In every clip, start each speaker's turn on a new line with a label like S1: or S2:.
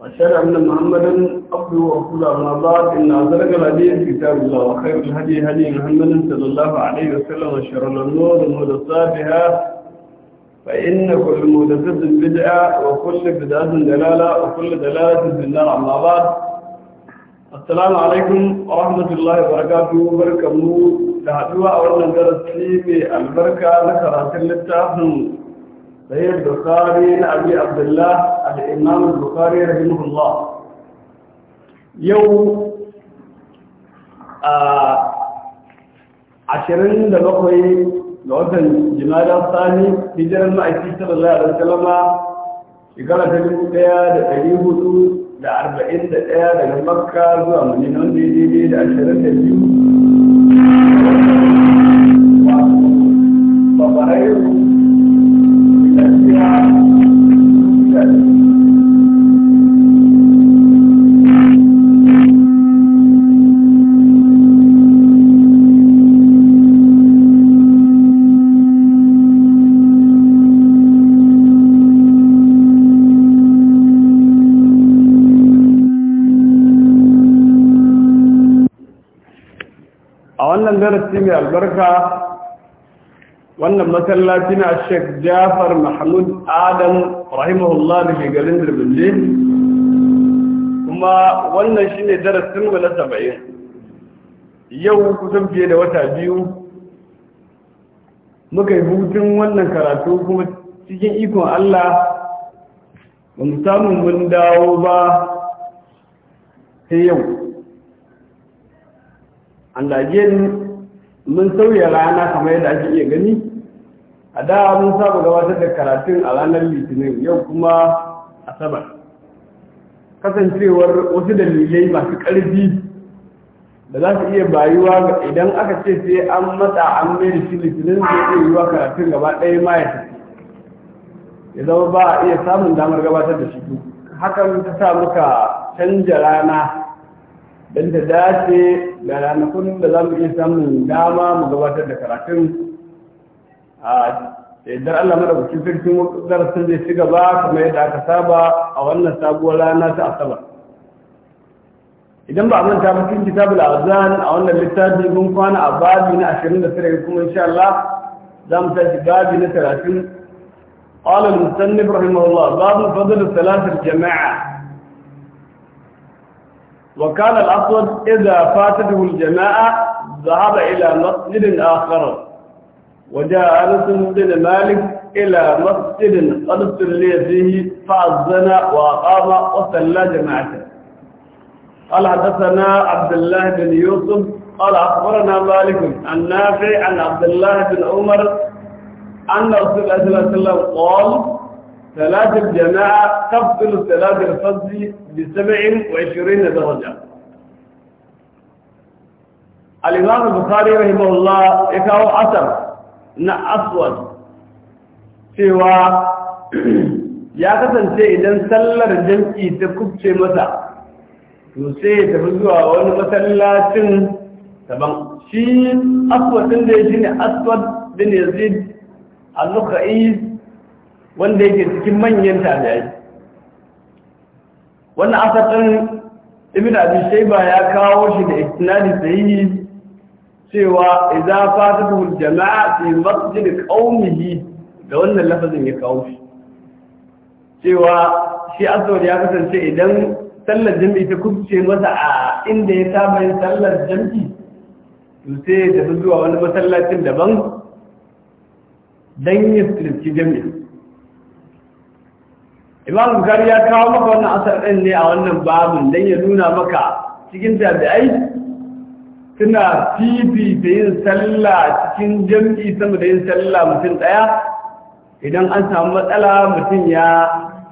S1: وأشهد أن محمدا عبده ورسوله أما بعد إن أصدق الحديث كتاب الله وخير الهدي هدي محمد صلى الله عليه وسلم وشر الأمور محدثاتها فإن كل محدثة بدعة وكل بدعة دلالة وكل دلالة في النار أما بعد السلام عليكم ورحمة الله وبركاته وبركاته da haduwa a wannan في البركة albarka na karatun سيد البخاري لأبي عبد الله الإمام البخاري رحمه الله يوم آه، عشرين دلوقتي لوطن جمال الثاني في جرم أيتي صلى الله عليه وسلم يقال تجمع قياد تجيبه دا أربعين دا قياد دا مكة دا مدينون دي دي دي دا عشرين تجيبه وفرعيه البركة وأن مثلا لنا الشيخ جعفر محمود adam rahimahullah da ke garin dirbinde kuma wannan shine darasin na saba'in yau kusan fiye da wata biyu muka yi hutun wannan karatu kuma cikin ikon allah ba mu samu mun dawo ba sai yau an mun sauya rana kamar yadda ake iya gani a da mun saba gabatar da karatun a ranar litinin yau kuma asabar kasancewar wasu dalilai masu ƙarfi da za su iya bayuwa ga idan aka ce sai an matsa an mai shi litinin zai iya yiwa karatun gaba ɗaya ma ya tafi ya zama ba a iya samun damar gabatar da shi hakan ta sa muka canja rana don ta dace da ranakun da za mu iya samun dama mu gabatar da karatun a idan Allah madaukakin sarkin darasin zai ci gaba kamar yadda aka saba a wannan sabuwar rana ta asabar idan ba a manta ba cikin kitabul azan a wannan littafi mun kwana a babi na 29 kuma insha Allah za mu tashi babi na 30 قال المصنف رحمه الله باب فضل صلاة الجماعة وكان الأسود إذا فاتته الجماعة ذهب إلى مسجد آخر وجاء أنس بن مالك إلى مسجد قد صلي فيه فأذن وأقام وصلى جماعته قال حدثنا عبد الله بن يوسف قال أخبرنا مالك عن نافع عن عبد الله بن عمر أن رسول الله صلى الله عليه وسلم قال ثلاث الجماعة تفصل صلاة الفجر بسبع وعشرين درجة الإمام البخاري رحمه الله يكاو أثر na aswad cewa ya kasance idan sallar jam'i ta kubce masa to sai ya tafi zuwa wani masallacin daban shi aswad ɗin da ya shi ne aswad bin yazid al-lukai wanda yake cikin manyan tajayi wannan asar din ibn abi ya kawo shi da isnadi sahihi cewa idza fatatuhu aljamaa fi masjid qaumihi da wannan lafazin ya kawo shi cewa shi azwar ya kasance idan sallar jam'i ta kubce masa a inda ya saba yin sallar jam'i to sai ya tafi zuwa wani masallacin daban dan ya tsirci jami'i imam bukari ya kawo maka wannan asar din ne a wannan babin dan ya nuna maka cikin jami'ai? suna fifi da yin sallah cikin jam'i sama da yin sallah mutum ɗaya idan an samu matsala mutum ya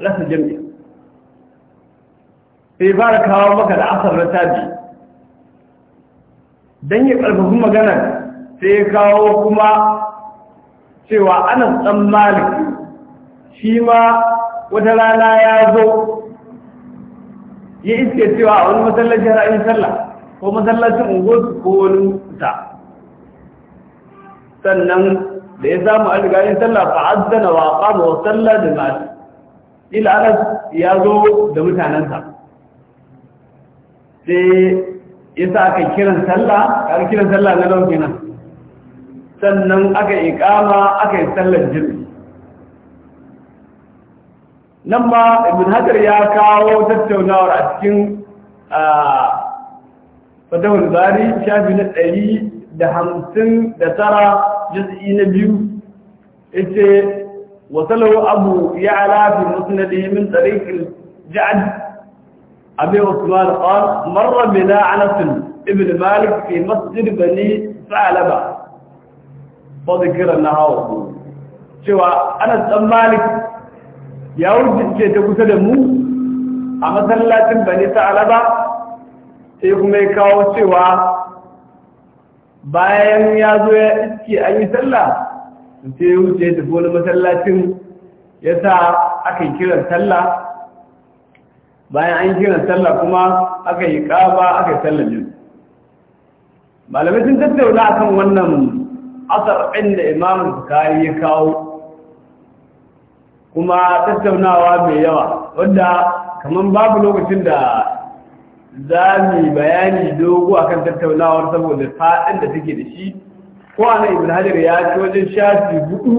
S1: rasa jam'i sai fara kawo maka da asar na tabi don yi ƙarfafi magana sai ya kawo kuma cewa ana tsan malik shi ma wata rana ya zo ya iske cewa a wani matsalar jihar ayin sallah ko masallacin su ko wani ta sannan da ya samu an riga yin sallah fa na wa qama wa sallah da ma ila ya zo da mutanensa. sai sa aka kiran sallah aka kiran sallah na lau nan sannan aka iqama aka yi sallar jirgi nan ma ibn hajar ya kawo tattaunawar a cikin ah, fatawar bari shafi na ɗari da hamsin da tara juz'i na biyu ita wasalau abu ya alafi musnadi min tsarikin ja'ad abin usman qal marra bina anas ibn malik ke masjid bani salaba fa dhikra nahawu cewa anas dan malik ya wuce ta kusa da mu a masallacin bani salaba sai kuma ya kawo cewa bayan ya zo ya iske an yi sallah sai ya wuce da wani masallacin ya sa aka yi kiran sallah bayan an yi kiran sallah kuma aka yi kaba aka yi sallah jin malamai sun tattauna kan wannan asar inda imamun kayi ya kawo kuma tattaunawa mai yawa wanda kamar babu lokacin da za mu bayani dogo akan tattaunawar saboda faɗin da take da shi ko nan ibn hajar ya ci wajen shafi hudu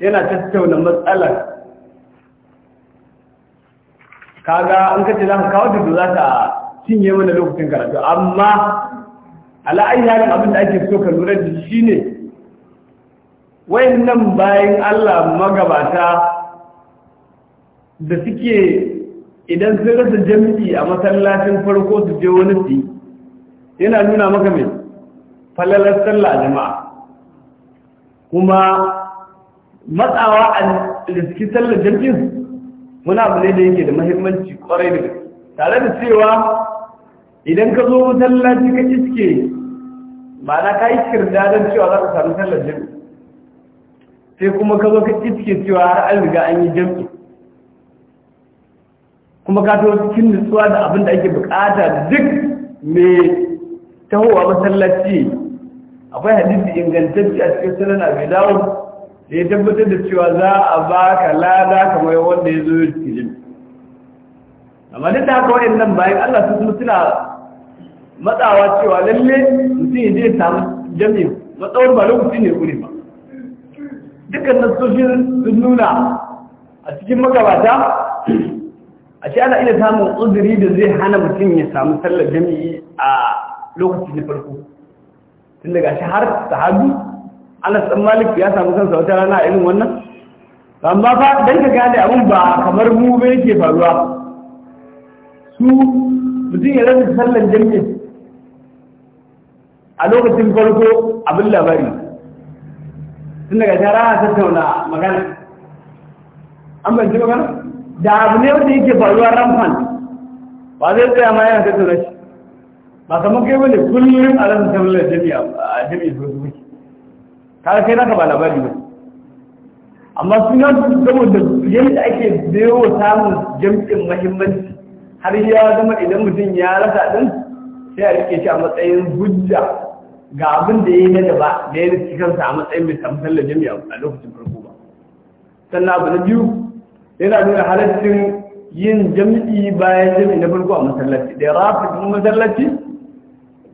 S1: yana tattauna matsalar kaga an kace za ka kawo da za ta cinye mana lokacin karatu amma ala ayi abin da ake so ka lura da shi ne wayannan bayan Allah magabata da suke idan sun rasa jami'i a masallacin farko su je wani su yana nuna maka mai falalar sallah jama'a kuma matsawa a riski sallar jami'in muna abu ne da yake da mahimmanci kwarai da tare da cewa idan ka zo masallaci ka iske ma'ana ka yi kirda don cewa za ka samu sallar jami'i sai kuma ka zo ka iske cewa har an riga an yi jam'i. kuma ka to cikin nutsuwa da abin da ake bukata duk mai tahowa masallaci akwai hadisi ingantacce a cikin sunan abi dawud da ya tabbatar da cewa za a baka lada kamar wanda ya zo cikin amma duk da haka nan bayan Allah su kuma suna matsawa cewa lalle mutum ya je samu jami'in matsawar ba lokaci ne kuri ba dukkan nasoshin sun nuna a cikin magabata a ce ana iya samun uzuri da zai hana mutum ya samu sallar jami'i a lokacin da farko tun daga shi har sahabi ana san malik ya samu kansa wata rana a irin wannan amma fa dan ka gane abin ba kamar mu ba yake faruwa su mutum ya rasa sallar jami'i a lokacin farko abin labari tun daga shi har ta tattauna magana an bai ji magana da abu ne wanda yake faruwa ramfan ba zai tsaya ma yana tattara shi ba kama kai wani kullum a ranar tabbalar jami'a a jami'a su wuce ta kai naka ba labari ba amma suna saboda yadda ake biyo samun jam'in mahimmanci har yi ya zama idan mutum ya rasa din sai a rike shi a matsayin hujja ga abin da ya yi na gaba da ya rike kansa a matsayin mai tamsallar jami'a a lokacin farko ba sannan abu na biyu yana nuna halaccin yin jami'i bayan jami'i na farko a masallaci da rafi kuma masallaci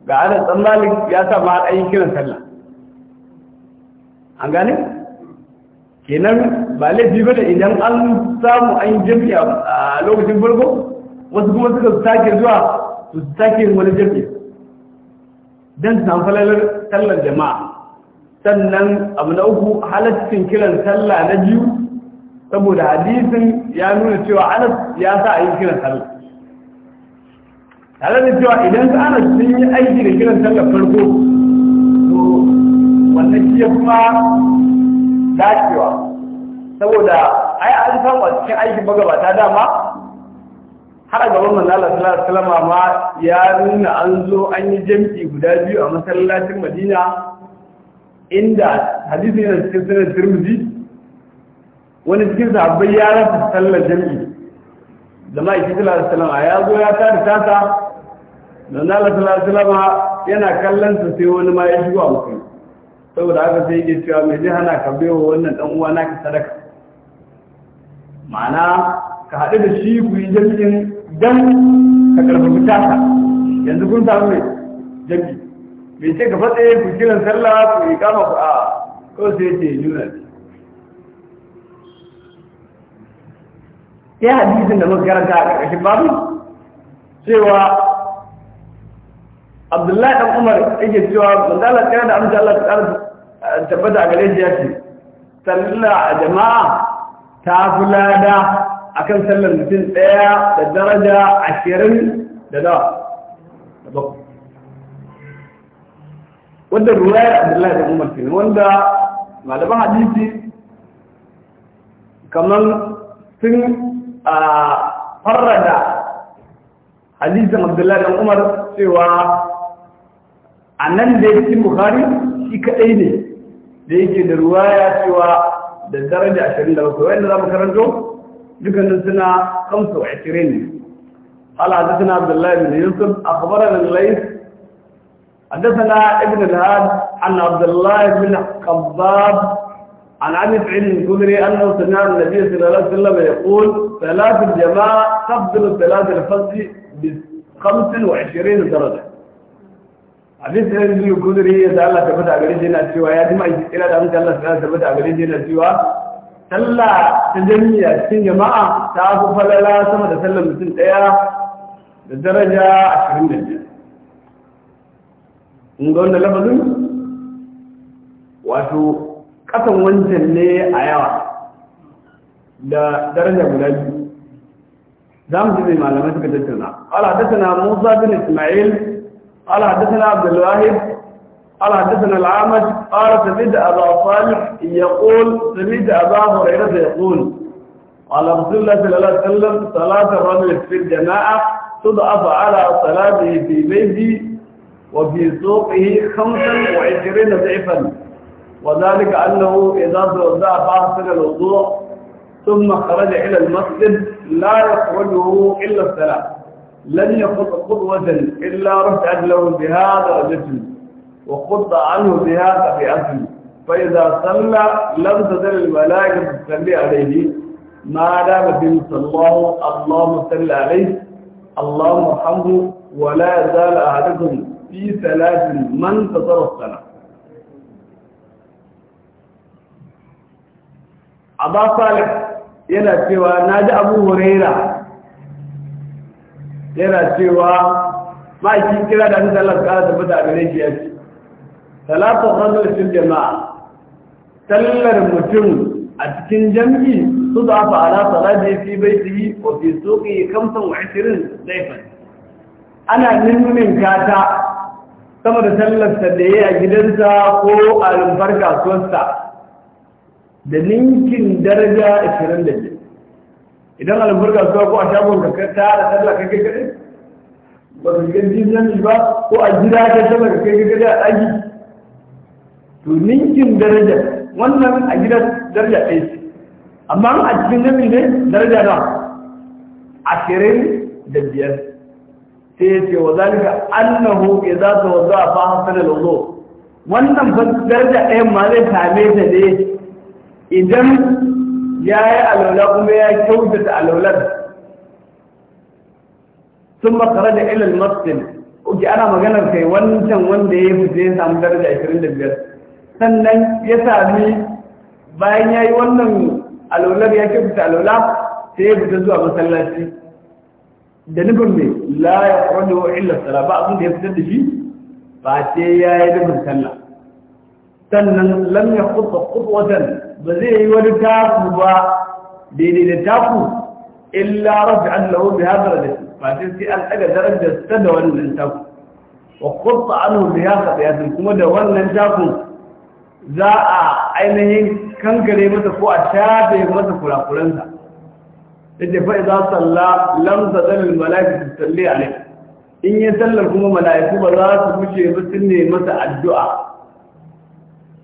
S1: ga ana tsammalin ya sa ma ɗayin kiran sallah an gane kenan ba laifi ba da idan an samu an jami'i a lokacin farko wasu kuma suka sake zuwa su sake wani jami'i don samu falalar sallar jama'a sannan abu na uku halaccin kiran sallah na biyu saboda hadisin ya nuna cewa anas ya sa a yi kiran sallah tare da cewa idan su anas sun yi aiki da kiran sallah farko to wannan shi kuma dacewa saboda ai an san a cikin aikin magabata dama har ga wannan manzala sallallahu alaihi wasallam ma ya nuna an zo an yi jam'i guda biyu a masallacin Madina inda hadisin yana cikin sunan Tirmidhi wani cikin sahabbai ya rasa sallar jami'i da ma'aikin sallallahu alaihi A ya zo ya tada tasa da na Allah sallallahu alaihi yana kallon su sai wani ma ya shigo a mutum saboda haka sai yake cewa me zai hana ka baiwa wannan dan uwa ka sadaka ma'ana ka haɗu da shi ku yi jami'in dan ka karfafi tasa yanzu kun samu ne jami'i mai ce ka fatsaye ku kiran sallah ku yi kama ku a kawai sai ce nuna ne sai hadisin da muka karanta a ƙarƙashin babu cewa abdullahi dan umar yake cewa manzala kana da amsa Allah ta tabbata a gare shi ya ce sallah a jama'a ta fi lada akan sallar mutum ɗaya da daraja ashirin da nawa da bakwai wanda ruwayar abdullahi dan umar ke wanda malaman hadisi kamar sun a farrada hadisin abdullahi dan umar cewa a nan da yake buhari shi kadai ne da yake da ruwa ya cewa da daraja 27 wanda za mu karanto dukkanin suna kamsu a cire ne ala hadisin abdullahi bin yusuf a kabarar lalai حدثنا ابن الهاد عن عبد Abdullahi بن قباب عن عبد سعيد الخدري أنه سمع النبي صلى الله عليه وسلم يقول ثلاث الجماعة تفضل صلاة الفجر ب 25 درجة عبد سعيد الخدري يسأل الله ثبت أغريج هنا سوى يا جماعة إلى أن الله ثبت أغريج هنا سوى صلى تجميع cikin jama'a ta fi falala sama da sallar mutum daya da daraja 25 in ga kasan wancan ne a yawa da daraja guda biyu za mu ji mai malamai suka tattauna ala haddathana musa bin isma'il ala haddathana abdul wahid ala haddathana al'amad ala sami da aba salih sami da aba hurairu da ya kul ala rasulullah sallallahu alaihi wasallam salatu rajul fi jama'a tud'af ala salatihi fi baiti wa fi suqihi 25 ضعفا وذلك أنه إذا توضع فاصل الوضوء ثم خرج إلى المسجد لا يخرجه إلا السلام لن يخط خطوة إلا رفع له بهذا الجسم وخط عنه بهذا بأسم فإذا صلى لم تزل الملائكة تصلي عليه ما دام في صلاه اللهم صل عليه اللهم ارحمه ولا يزال أحدكم في ثلاث من تصرف الصلاة Aba Salih yana cewa na ji Abu Huraira yana cewa ma'aikin kira da hannun Allah ƙara da a da shi ya ce talatin ranar jama'a tallar mutum a cikin jam'i su da fa ala salati fi baitihi wa fi suqi 25 daifan ana nunin kata sama da sallar da yayi a gidansa ko a rumfar kasuwarsa da ninkin daraja 25 idan albarka zuwa ko a shagon ka kai ta da tsalla kai kai kai ba ka ga jinnan ba ko a gida ka sallah kai kai kadai a daki to ninkin daraja wannan a gida daraja ɗaya ce amma a cikin jami ne daraja na ashirin da biyar sai ya ce wa zalika annahu idza tawadda a hasala da wudu wannan fa daraja ɗayan ma zai same ta ne idan ya yi alaula kuma ya kyautata alaular sun makara da ilil masjid oke ana maganar kai wancan wanda ya fita ya samu daraja 25 sannan ya sami bayan ya yi wannan alaular ya kyautata alaula sai ya fita zuwa masallaci da nufin mai la ya kwallo illa sala ba abin da ya fitar da shi ba sai ya yi nufin sallah sannan lam ya khutba khutwatan ba zai yi wani taku ba daidai da taku illa rafa'an lahu bi hadha da ba sai an ɗaga darajar ta da wannan taku wa khutba anhu bi hadha da kuma da wannan taku za a ainihin kankare masa ko a shafe masa kurakuransa yace fa idza salla lam tadal malaikatu tusalli alayhi in ya sallar kuma malaiku ba za su wuce ba sun ne masa addu'a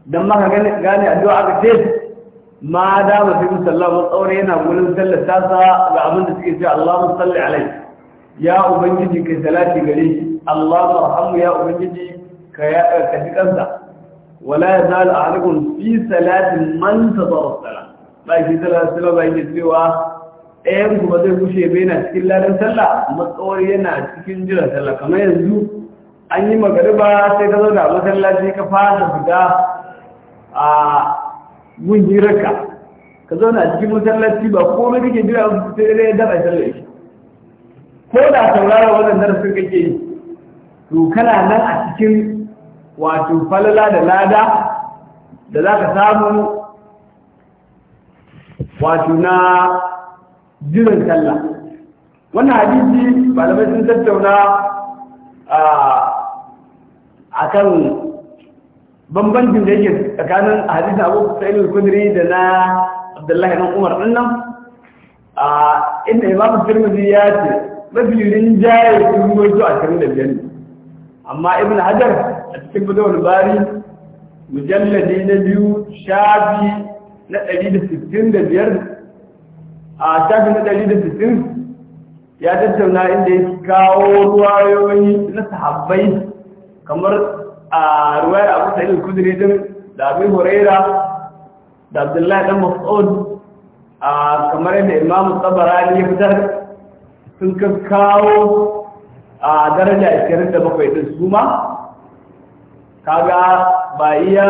S1: dan maka gane addu'a aka ce ma da mutum sallallahu alaihi yana gurin sallar tasa ga abin da suke cewa Allahumma salli alaihi ya ubangiji kai salati gare shi Allahumma arhamu ya ubangiji ka ka ji kansa wala ya yazal ahadukum fi salatin man tadara salat ba shi sallallahu alaihi ba yake cewa ɗayan ku ba zai kushe ba yana cikin ladan sallah matsawar yana cikin jiran sallah kamar yanzu an yi magariba sai ka zauna a masallaci ka fara fita a mun hirarka ka zauna a cikin masallaci ba ko mai kake jira su sai dai da a sallar ko da saurara wannan darasin kake yi to kana nan a cikin wato falala da lada da za ka samu wato na jiran talla? wannan hadisi malamai sun tattauna a kan bambancin da yake tsakanin hadisin abu sa'id al-kudri da na abdullahi ibn umar din nan a inda imam tirmidhi ya ce mafi rinjaye sun ruwaito a cikin da biyar amma ibn hajar a cikin bidawar bari mujalladi na biyu shafi na ɗari da sittin da biyar a shafi na ɗari da sittin ya tattauna inda ya kawo ruwayoyi na sahabbai kamar a ruwayar abu sa'id al din da abin huraira da abdullahi dan mas'ud a kamar yadda imamu tsabara ya fitar sun kawo a daraja 27 din su ma kaga ba iya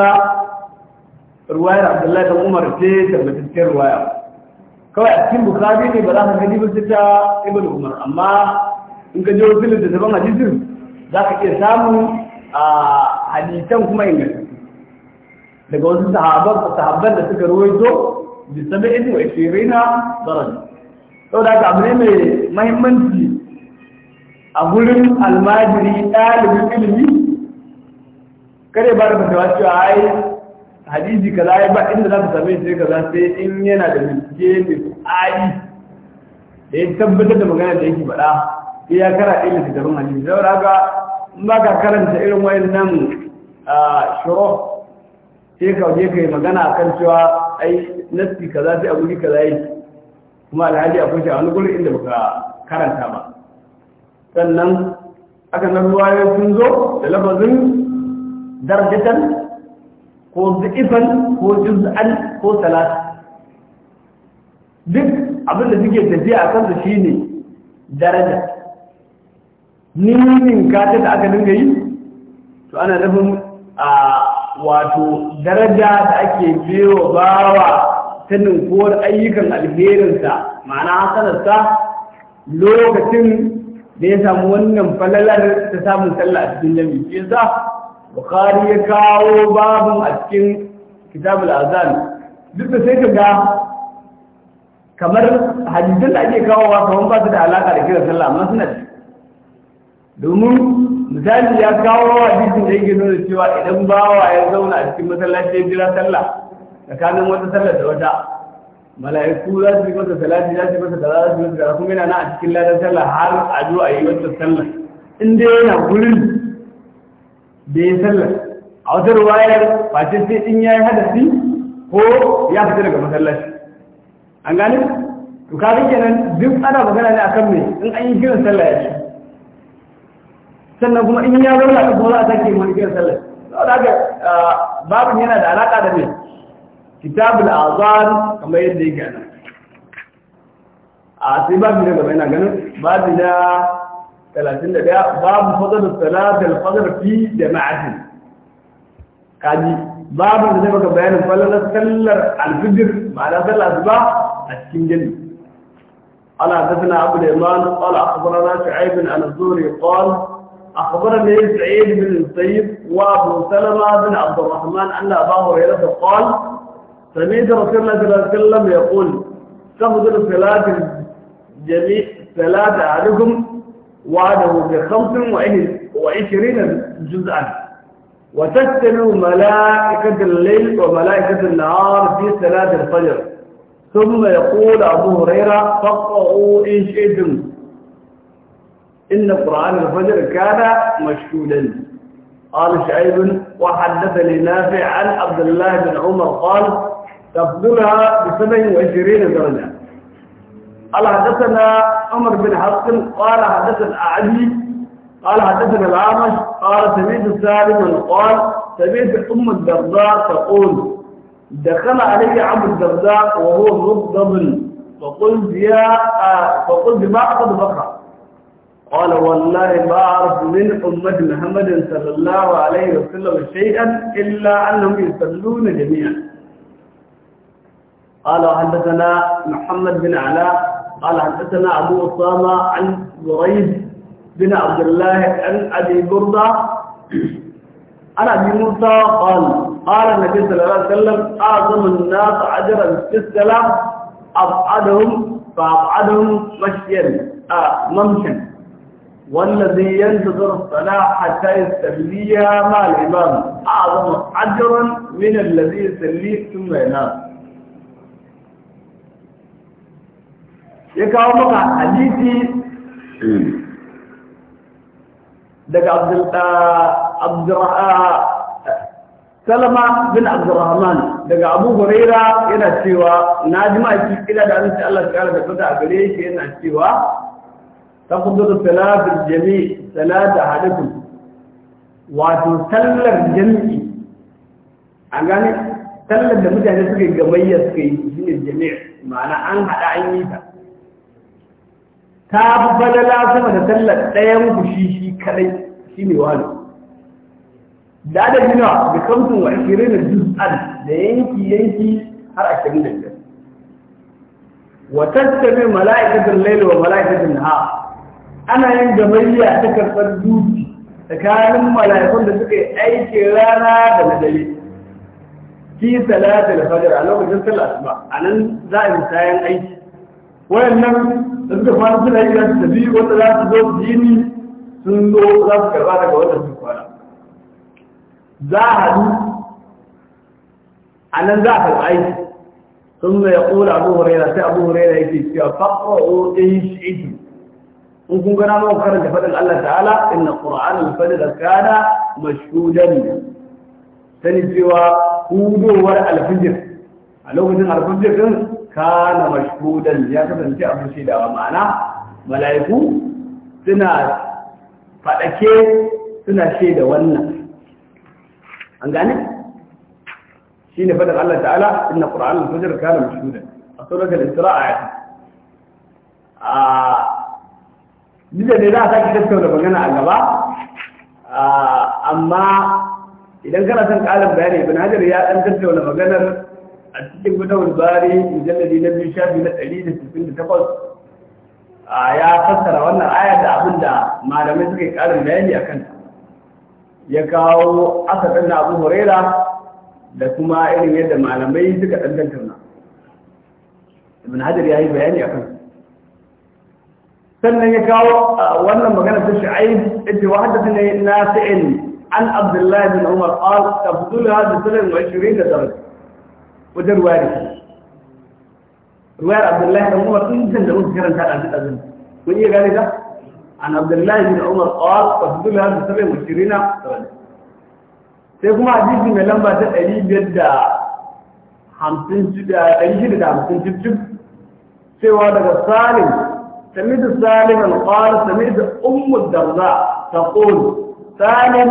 S1: ruwayar abdullahi dan umar ce da mutuncin ruwaya kawai a cikin bukari ne ba za ka gani ba ta ibn umar amma in ka je wasu littattafan hadisin za ka iya samu a hadisan kuma ingantattu daga wasu sahabar sahabban da suka ruwaito bi shirai wa 20 daraja saboda aka abu ne mai mahimmanci a gurin almajiri ɗalibin ilimi kare ba da fatawa cewa ai hadisi kaza ya ba inda za ka same shi kaza sai in yana da bincike mai ƙari da ya tabbatar da magana da yake faɗa sai ya kara ɗin littattafan hadisi saboda haka in ba ka karanta irin wayan nan. shiro sai ka je ka yi magana a kan cewa ai nasti kaza sai a guri kaza yi kuma alhaji a kusa a wani gurin inda baka karanta ba sannan aka nan ya sun zo da lafazin darjatan ko zu'ifan ko juz'an ko salat duk abin da suke tafiya a kansa shine daraja nimin kata da aka dinga yi to ana nufin a wato daraja da ake biyo bawa ta ninkuwar ayyukan alherinsa ma'ana hasanarsa lokacin da ya samu wannan falalar ta samun sallah a cikin jami'in shi yasa bukhari ya kawo babun a cikin kitabul azan duk da sai kaga kamar hadisan da ake kawo wa kamar ba su da alaka da kiran sallah amma suna domin misali ya kawo hadisin da yake nuna cewa idan bawa ya zauna a cikin masallaci ya jira sallah tsakanin wata sallar da wata mala'iku za su yi masa salati za su yi masa kaza za su yi masa kaza kuma yana nan a cikin ladan sallah har a zo a yi wata sallah in dai yana gurin da ya sallah a wata ruwayar face sai in ya yi hadasi ko ya fita daga masallaci an gane to kafin kenan duk ana magana ne akan me in an yi kiran sallah ya ce sannan kuma in ya zauna ka kuma za a sake wani kiran sallar saboda ga babin yana da alaƙa da ne kitabul azan kamar yadda ya gana a sai babu ne gaba yana ganin babu na 31 babu fadar salatul fadar fi jama'atin kaji babu da zai maka bayanin fallar sallar alfijir ma'ana sallar asuba a cikin jami'i قال حدثنا عبد الايمان قال اخبرنا شعيب عن الزهري قال أخبرني سعيد بن الطيب وأبو سلمة بن عبد الرحمن أن أبا هريرة قال سمعت رسول الله صلى الله عليه وسلم يقول تفضل ثلاث الجميع ثلاث أحدكم وعده بخمس وعشرين جزءا وتستمع ملائكة الليل وملائكة النهار في صلاة الفجر ثم يقول أبو هريرة فقعوا إن شئتم إن قرآن الفجر كان مشهودا قال شعيب وحدثني نافع عن عبد الله بن عمر قال تفضلها بسبع وعشرين درجة قال حدثنا عمر بن حق قال حدثنا أعلي قال حدثنا العامش قال سمعت سالما قال سمعت أم الدرداء تقول دخل علي عبد الدرداء وهو مغضب فقلت يا آه، فقلت ما أخذ بقى قال والله ما أعرف من أمة محمد صلى الله عليه وسلم شيئا إلا أنهم يصلون جميعا قال حدثنا محمد بن علاء قال حدثنا أبو أسامة عن زريد بن عبد الله عن أبي بردة عن أبي موسى قال قال النبي صلى الله عليه وسلم أعظم الناس عجرا في السلام أبعدهم فأبعدهم مشيا آه ممشا والذي ينتظر الصلاة حتى يصليها مع الإمام أعظم حجرا من الذي يصليه ثم ينام يكاو مقع حديثي دك عبد عبد سلمة بن عبد الرحمن دك أبو هريرة إلى سيوا ناجمة إلى أن الله تعالى بفتح عليه إلى سيوا تقدر صلاة الجميع صلاة أحدكم wato sallar jami'i a gane sallar da mutane suka gamayya suka yi shine jami'i ma'ana an haɗa an yi ta ta fi falala sama da sallar ɗayan kushi shi kadai shi ne wani da na da kamsin wa ashirin da juz'an da yanki yanki har ashirin da biyar wa tattabi mala'ikatul laili wa mala'ikatul nahar ana yin gamayya ta karɓar duki tsakanin mala'ikun da suka yi aikin rana da na dare fi salatul fajr a lokacin sallar ba, a nan za a yi sayan aiki wayannan da suka fara suna yi su tafi wanda za su zo jini sun zo za su karba daga wannan su kwana za a haɗu a nan za a karɓa aiki sun zai ya ƙura abu huraira sai abu huraira yake cewa faƙa'o ɗin shi'idu in kun gana ma karanta faɗin Allah ta'ala inna qur'ana al da kana mash'udan. sani cewa hudowar al-fajr a lokacin al-fajr din kana mash'udan ya kasance a fushi da ma'ana mala'iku suna faɗake, suna shaida wannan an gane Shi ne faɗin Allah ta'ala inna qur'ana al-fajr kana mash'udan. a suratul isra ayat a ah, duk ne za a sake tattauna magana a gaba amma idan kana son ƙarin bayani ibn hajar ya ɗan tattauna maganar a cikin gudanar bari mujalladi na biyu shafi na ɗari da sittin da takwas ya fassara wannan ayar da abin da malamai suka yi ƙarin bayani a kan, ya kawo asalin da abu horera da kuma irin yadda malamai suka ɗan tattauna ibn hajar ya yi bayani a kansu sannan ya kawo wannan magana ta shu'aib idda wa haddathana nafi'in an abdullahi bin umar qal tabdul hadha salam wa 20 daraja wajen ruwaya ruwayar abdullahi bin umar din da mun karanta da duk azumi kun iya gane ta an abdullahi bin umar qal tabdul hadha salam wa 20 daraja sai kuma hadisi mai lamba ta 550 da 650 cewa daga salim سمعت سالم قال سمعت أم الدرداء تقول سالم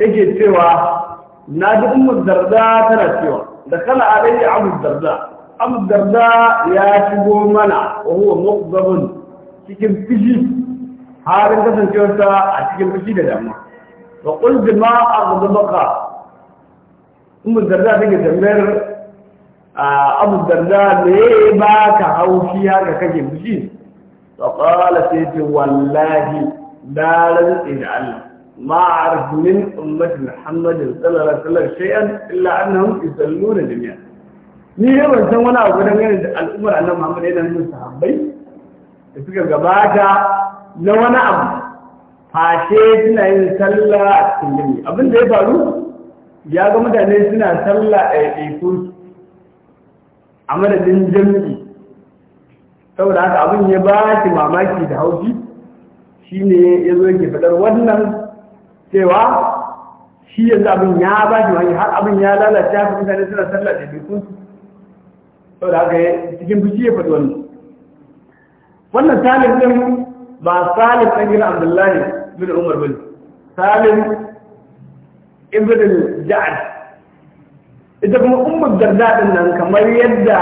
S1: اجد سوى نادي أم الدرداء ثلاث سوى دخل علي عبد الدرداء عبد الدرداء ياتب منع وهو مقضب تكن فيجي هذا انت سنتيوتا تكن فيجي دائما وقل بما أغضبك أم الدرداء تيجي تمر أبو آه، الدرداء ليه باك أو فيها كتجي فيجي فقال سيت والله لا رزق إلى الله ما أعرف من أمة محمد صلى الله عليه وسلم شيئا إلا أنهم يصلون جميعا ni ne ban san wani abu don da al'ummar annan Muhammad yana nuna sahabbai da suka gabata na wani abu fashe suna yin sallah a cikin gani abin da ya faru ya ga mutane suna sallah a ɗaiɗaikun a madadin jami'i saboda haka abin ya ba shi mamaki da haushi shine ya zo yake fadar wannan cewa shi yanzu abin ya ba shi mamaki har abin ya lalace haka mutane suna sallah da bikun su saboda haka cikin fushi ya faɗi wannan wannan salim ɗin ba salim ɗan gina abdullahi bin umar bin salim ibn ja'ad ita kuma umar darda ɗin nan kamar yadda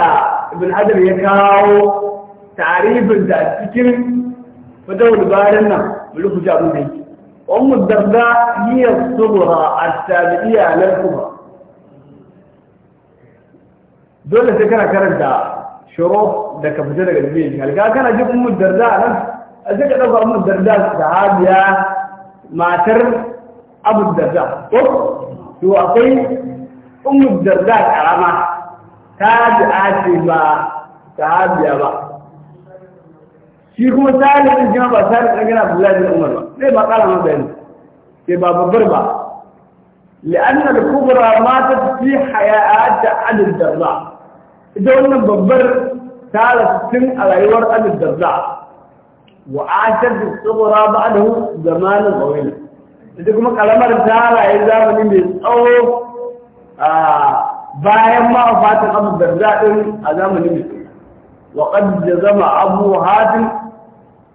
S1: ibn hajar ya kawo taribin da cikin fadawul bayan nan mulku jabu ne ummu darda hiya subha at-tabi'iyya lil kubra dole sai kana karanta shuruf da ka fita daga dubi halka kana jin ummu darda nan sai ka dauka ummu darda sahabiya matar abu darda ko to akwai ummu darda karama ta ji ba sahabiya ba shi kuma salihin shi ba salihin gina abdullahi bin umar ba sai ba kala ma لأن الكبرى ماتت في حياة عن الدرزاء إذا قلنا ببر تالة سن على يور عن الدرزاء وعاشت في الصغرى بعده زمان طويل إذا كما قلما رسالة إذا من يميز أو بايا ما أفاتن أبو الدرزاء إذا من يميز وقد جزم أبو هاتم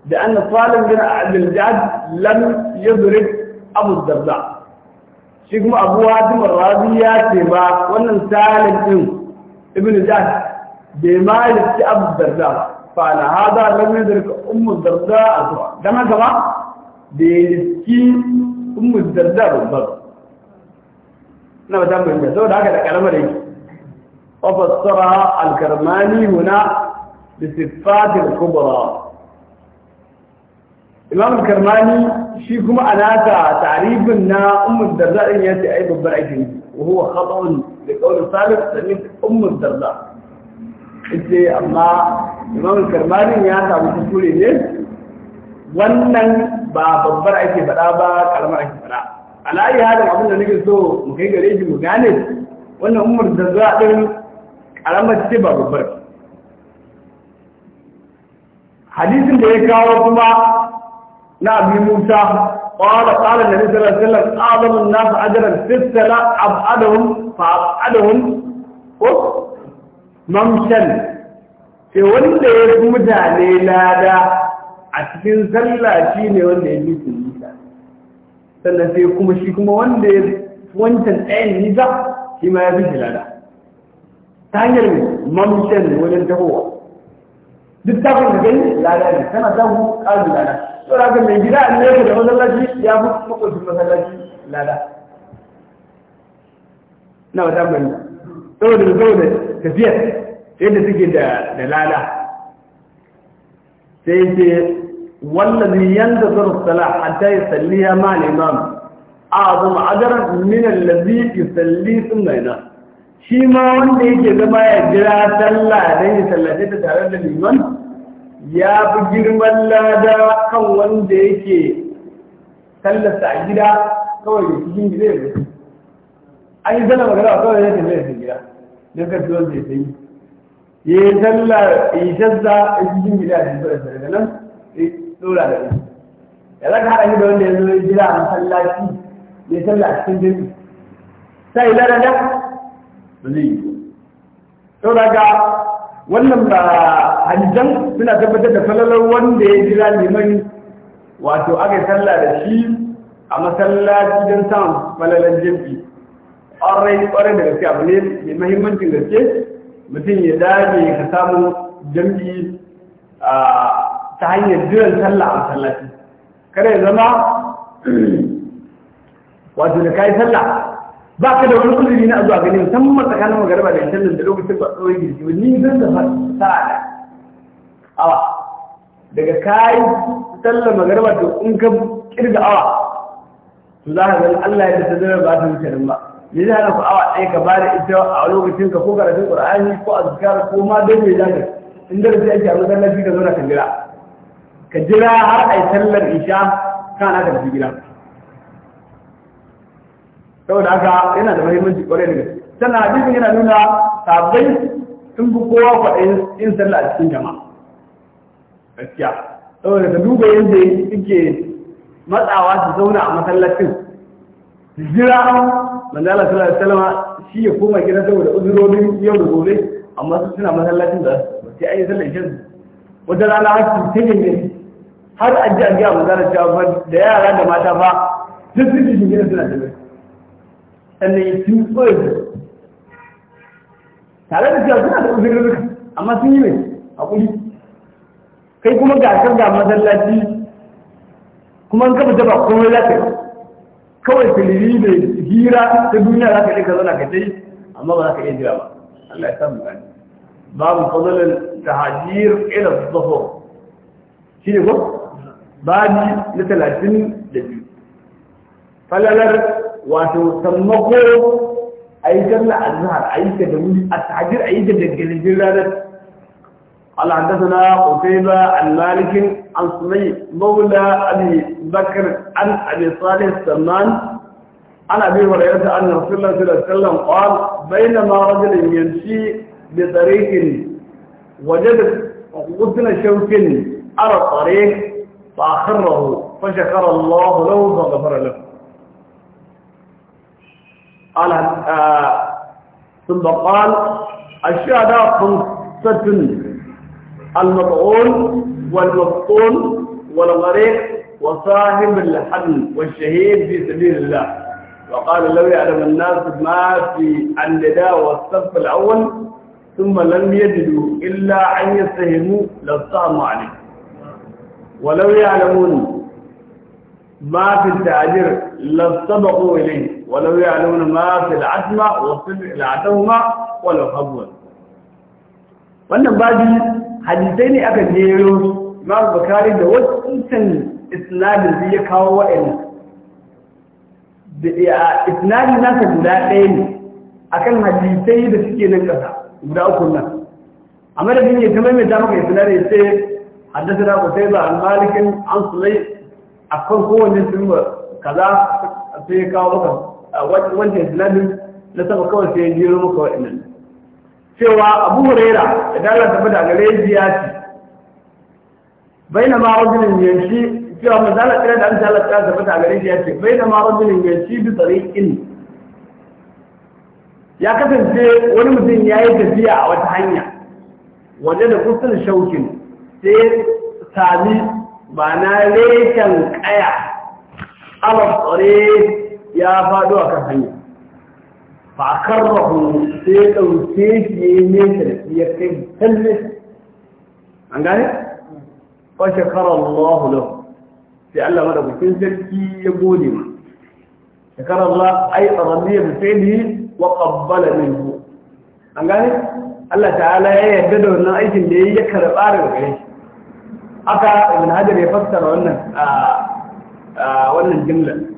S1: لأن صالح بن عبد الجاد لم يدرك أبو الدرداء شيخ أبو هاتم الرازي ياتي ما وأن سالم بن ابن جاد بما يدرك أبو الدرداء فعلى هذا لم يدرك أم الدرداء أسوأ كما كما بيدرك أم الدرداء بالضبط نبدا من هذا هكذا كلام عليك وفسرها الكرماني هنا بصفات الكبرى imam karmani shi kuma a nata tarifin na umar darda din ya ce yi babbar aikin wa huwa khata'un da qawl Umar sanin ummul darda ce amma imam karmani ya samu kuskure ne wannan ba babbar ake faɗa ba kalmar ake faɗa alayi hadin abin da nake so mu kai gare shi mu gane wannan umar da za a ɗin karamar ce ba babbar hadisin da ya kawo kuma نعم يموتا قال قال النبي صلى الله عليه وسلم اعظم الناس اجرا في السنة ابعدهم فابعدهم ممشا في ولد يفوت علي لادا اتكن سلا شيني ولد يفوت النساء سنة سيكم شيكم ولد يفوت اين نساء كما يفوت لادا تانجر ممشا ولد يفوت دكتور الجن لا لا لا سنة تهو قال لادا saboda haka mai gida an nemi da masallaci ya fi makwacin masallaci lada na wata mai saboda saboda tafiyar yadda suke da lada sai ce wallazi yanda zarar sala hatta ya salliya ma a imam azum ajran min allazi yusalli sunna ina shi ma wanda yake zama ya jira sallah dan ya sallace ta tare da liman ya fi girman lada kan wanda yake tallata a gida kawai da cikin gida ya mutu an yi zana magana kawai yake zai da gida don ka tuwon zai sai ya yi talla ya yi shazza a cikin gida ya tafi da sarga nan ya tsora da shi ya zaka haɗa da wanda ya zo ya gida a masallaci ya talla a cikin jami'i sai lada da ba zai yi tsora ga wannan ba nan suna tabbatar da falalar wanda ya jira neman wato aka sallah da shi a masallaci don samun falalar jam'i ƙwarai ƙwarai da gaske abu ne mai mahimmancin gaske mutum ya dage ka samu jam'i ta hanyar jiran sallah a masallaci kada ya zama wato da kayi sallah ba ka da wani kuzuri na zuwa gani musamman tsakanin magarba da yantar da lokacin ba tsohon girki ni zan da sa'ada. awa daga kayi sallar magarba to in ka kirga awa to za ka gani Allah ya ta zama ba ta wuce nan ba me za ka awa ɗaya ka bada ita a lokacin ka ko karatun Qur'ani ko azkar ko ma dai me zaka in da sai ake a masallaci ka zauna ka jira ka jira har ai sallar isha kana na tafi gida saboda haka yana da muhimmanci kwarai da gaske sannan hadisin yana nuna sabbai sun fi kowa kwaɗayin yin sallah a cikin jama'a gaskiya saboda ka duba yadda suke matsawa su zauna a masallacin su jira manzala sallallahu alaihi wasallam shi ya koma gida saboda uzurorin yau da gobe amma su suna masallacin da sai ayi sallar shan wata rana har su take ne har an ji an ga manzala cewa da yara da mata fa duk su ji gida suna da sannan ya ci tsoye tare da cewa suna da uzurorin amma sun yi mai hakuri kai kuma ga san ga masallaci kuma an kafa ba komai za ka kawai tilili da hira ta duniya za ka je ka zauna ka dai amma ba za ka iya jira ba Allah ya samu gani babu fadlan tahajir ila dhuhur shi ne ko babi na talatin da biyu falalar wato sammako a yi sallar azhar a yi ta da wuri a tahajir a yi ta da gajejin ranar قال حدثنا قتيبة عن مالك عن سمي مولى أبي بكر عن أبي صالح السمان عن أبي هريرة أن رسول الله صلى الله عليه وسلم قال بينما رجل يمشي بطريق وجد غصن شوك على الطريق فأخره فشكر الله له فغفر له قال آه، ثم قال الشهداء خمسة المطعون والمبطون والغريق وصاحب اللحن والشهيد في سبيل الله وقال لو يعلم الناس ما في النداء والصف الأول ثم لم يجدوا إلا أن يتهموا للصام عليه ولو يعلمون ما في التعجير لاستبقوا إليه ولو يعلمون ما في العتمة وصل العتومة ولو خبوا فأنا بعد hadisai ne aka jero imam bukari da wasu wancan isnadin zai ya kawo wa'in isnadin nasa guda ɗaya ne akan hadisai da suke nan ƙasa guda uku nan a madadin ya kamar mai damar isnadin sai haddasa na kusai ba an malikin an sulai a kan kowane sulma kaza sai ya kawo maka wancan isnadin na saba kawai sai ya jero maka wa'in nan cewa abu huraira da Allah tafi da gare shi ya ce baina ma rajulin yanshi cewa zala kira da Allah ta tafi da gare shi ya ce baina ma rajulin yanshi bi tsariqin ya kasance wani mutum ya yi tafiya a wata hanya wanda da kusur shaukin sai sami ba na reshen kaya alaf tsare ya faɗo a kan hanya ba karrahu sai ya ɗauke shi ya yi nesa da shi ya kai can nesa an gane fa shakara Allahu lahu sai Allah madaukakin sarki ya gode ma shakara Allah ai rabbi bi fi'lihi wa qabbala minhu an gane Allah ta'ala ya yarda da wannan aikin da yi ya karba daga gare shi aka ibn hajar ya fassara wannan a wannan jimlar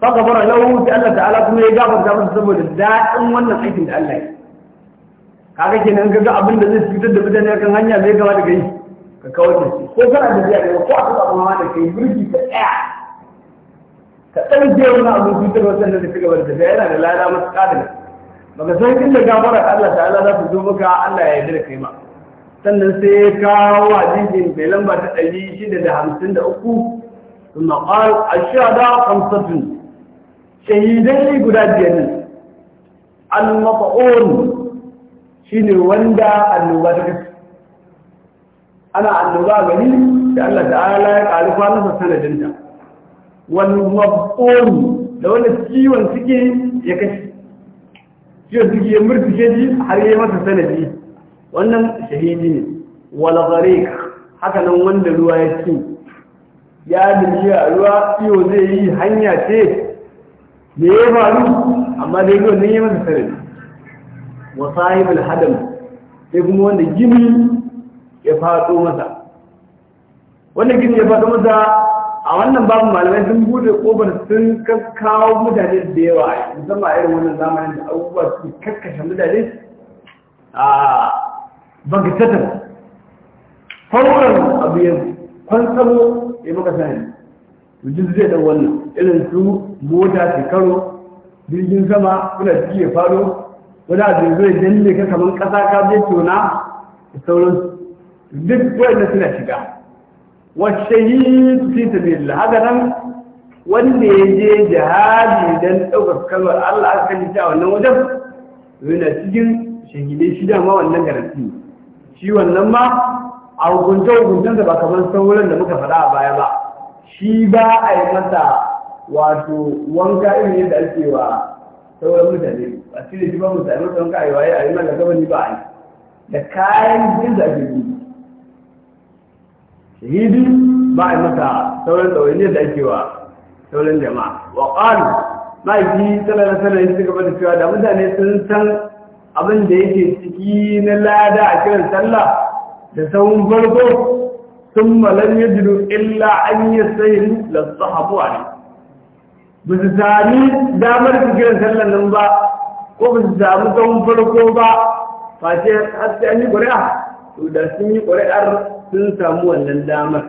S1: faka fara lahu sai Allah ta'ala kuma ya gafarta masa saboda daɗin wannan aikin da Allah ya kaga kenan ka ga abin da zai fitar da mutane kan hanya zai gaba da gai ka kawo da shi ko kana da biya da ko a tsaka kuma da kai burki ka tsaya ka ɗauke wani abin fitar wasan da ka da tafiya yana da lada masu ƙadar baka san inda gafara Allah ta'ala za su zo maka Allah ya yarda da kai ma sannan sai ya kawo jikin mai lamba ta ɗari shida da hamsin da uku ثم قال الشهداء خمسة shahidai guda biyar ne al-mafa'un shine wanda annoba ta kasu ana annoba gani, da Allah ta'ala ya ƙari sanadin sanadinta wal mafa'un da wanda ciwon suke ya kashi ciwon suke ya har yi masa sanadi wannan shahidi ne wal gharik haka nan wanda ruwa ya ci ya dinga ruwa iyo zai yi hanya ce me ya faru amma dai yau nan ya masa sarari wa sahibul hadam sai kuma wanda gini ya faɗo masa wanda gini ya faɗo masa a wannan babu malamai sun bude kofar sun kakkawo mutane da yawa musamman a irin wannan zamanin da abubuwa su kakkashe mutane a bagatattar fauran abu yanzu kwan samo ya maka sani mutum zai dan wannan irin su mota ta karo jirgin sama kuna ciki ya faro wani abu zai danne ka kamar kasa ka zai tona da sauran duk wanda suna shiga washayi fi sabilillah haka nan wanda ya je jihadi don ɗaukar kalmar Allah aka kalli a wannan wajen yana cikin shahidai shi dama wannan garanti shi wannan ma a hukunce hukuncen da ba kamar sauran da muka faɗa a baya ba shi ba a yi masa wato wanka irin yadda ake wa sauran mutane a cire shi ba mu sami wata wanka a yi waye a yi mana gaba ni ba a yi da kayan jin da ake yi shahidi ba a yi masa sauran tsawon yadda ake wa sauran jama'a wa ƙwari ma'aiki sallar sanar shi suka da cewa da mutane sun san abin da yake ciki na lada a kiran sallah da sauran farko sun malam yajidu illa an yi sayin da sahabu a ne ba su sami damar su kiran sallan nan ba ko ba su sami tsawon farko ba face har sai an yi ƙuri'a to da sun yi ƙuri'ar sun samu wannan damar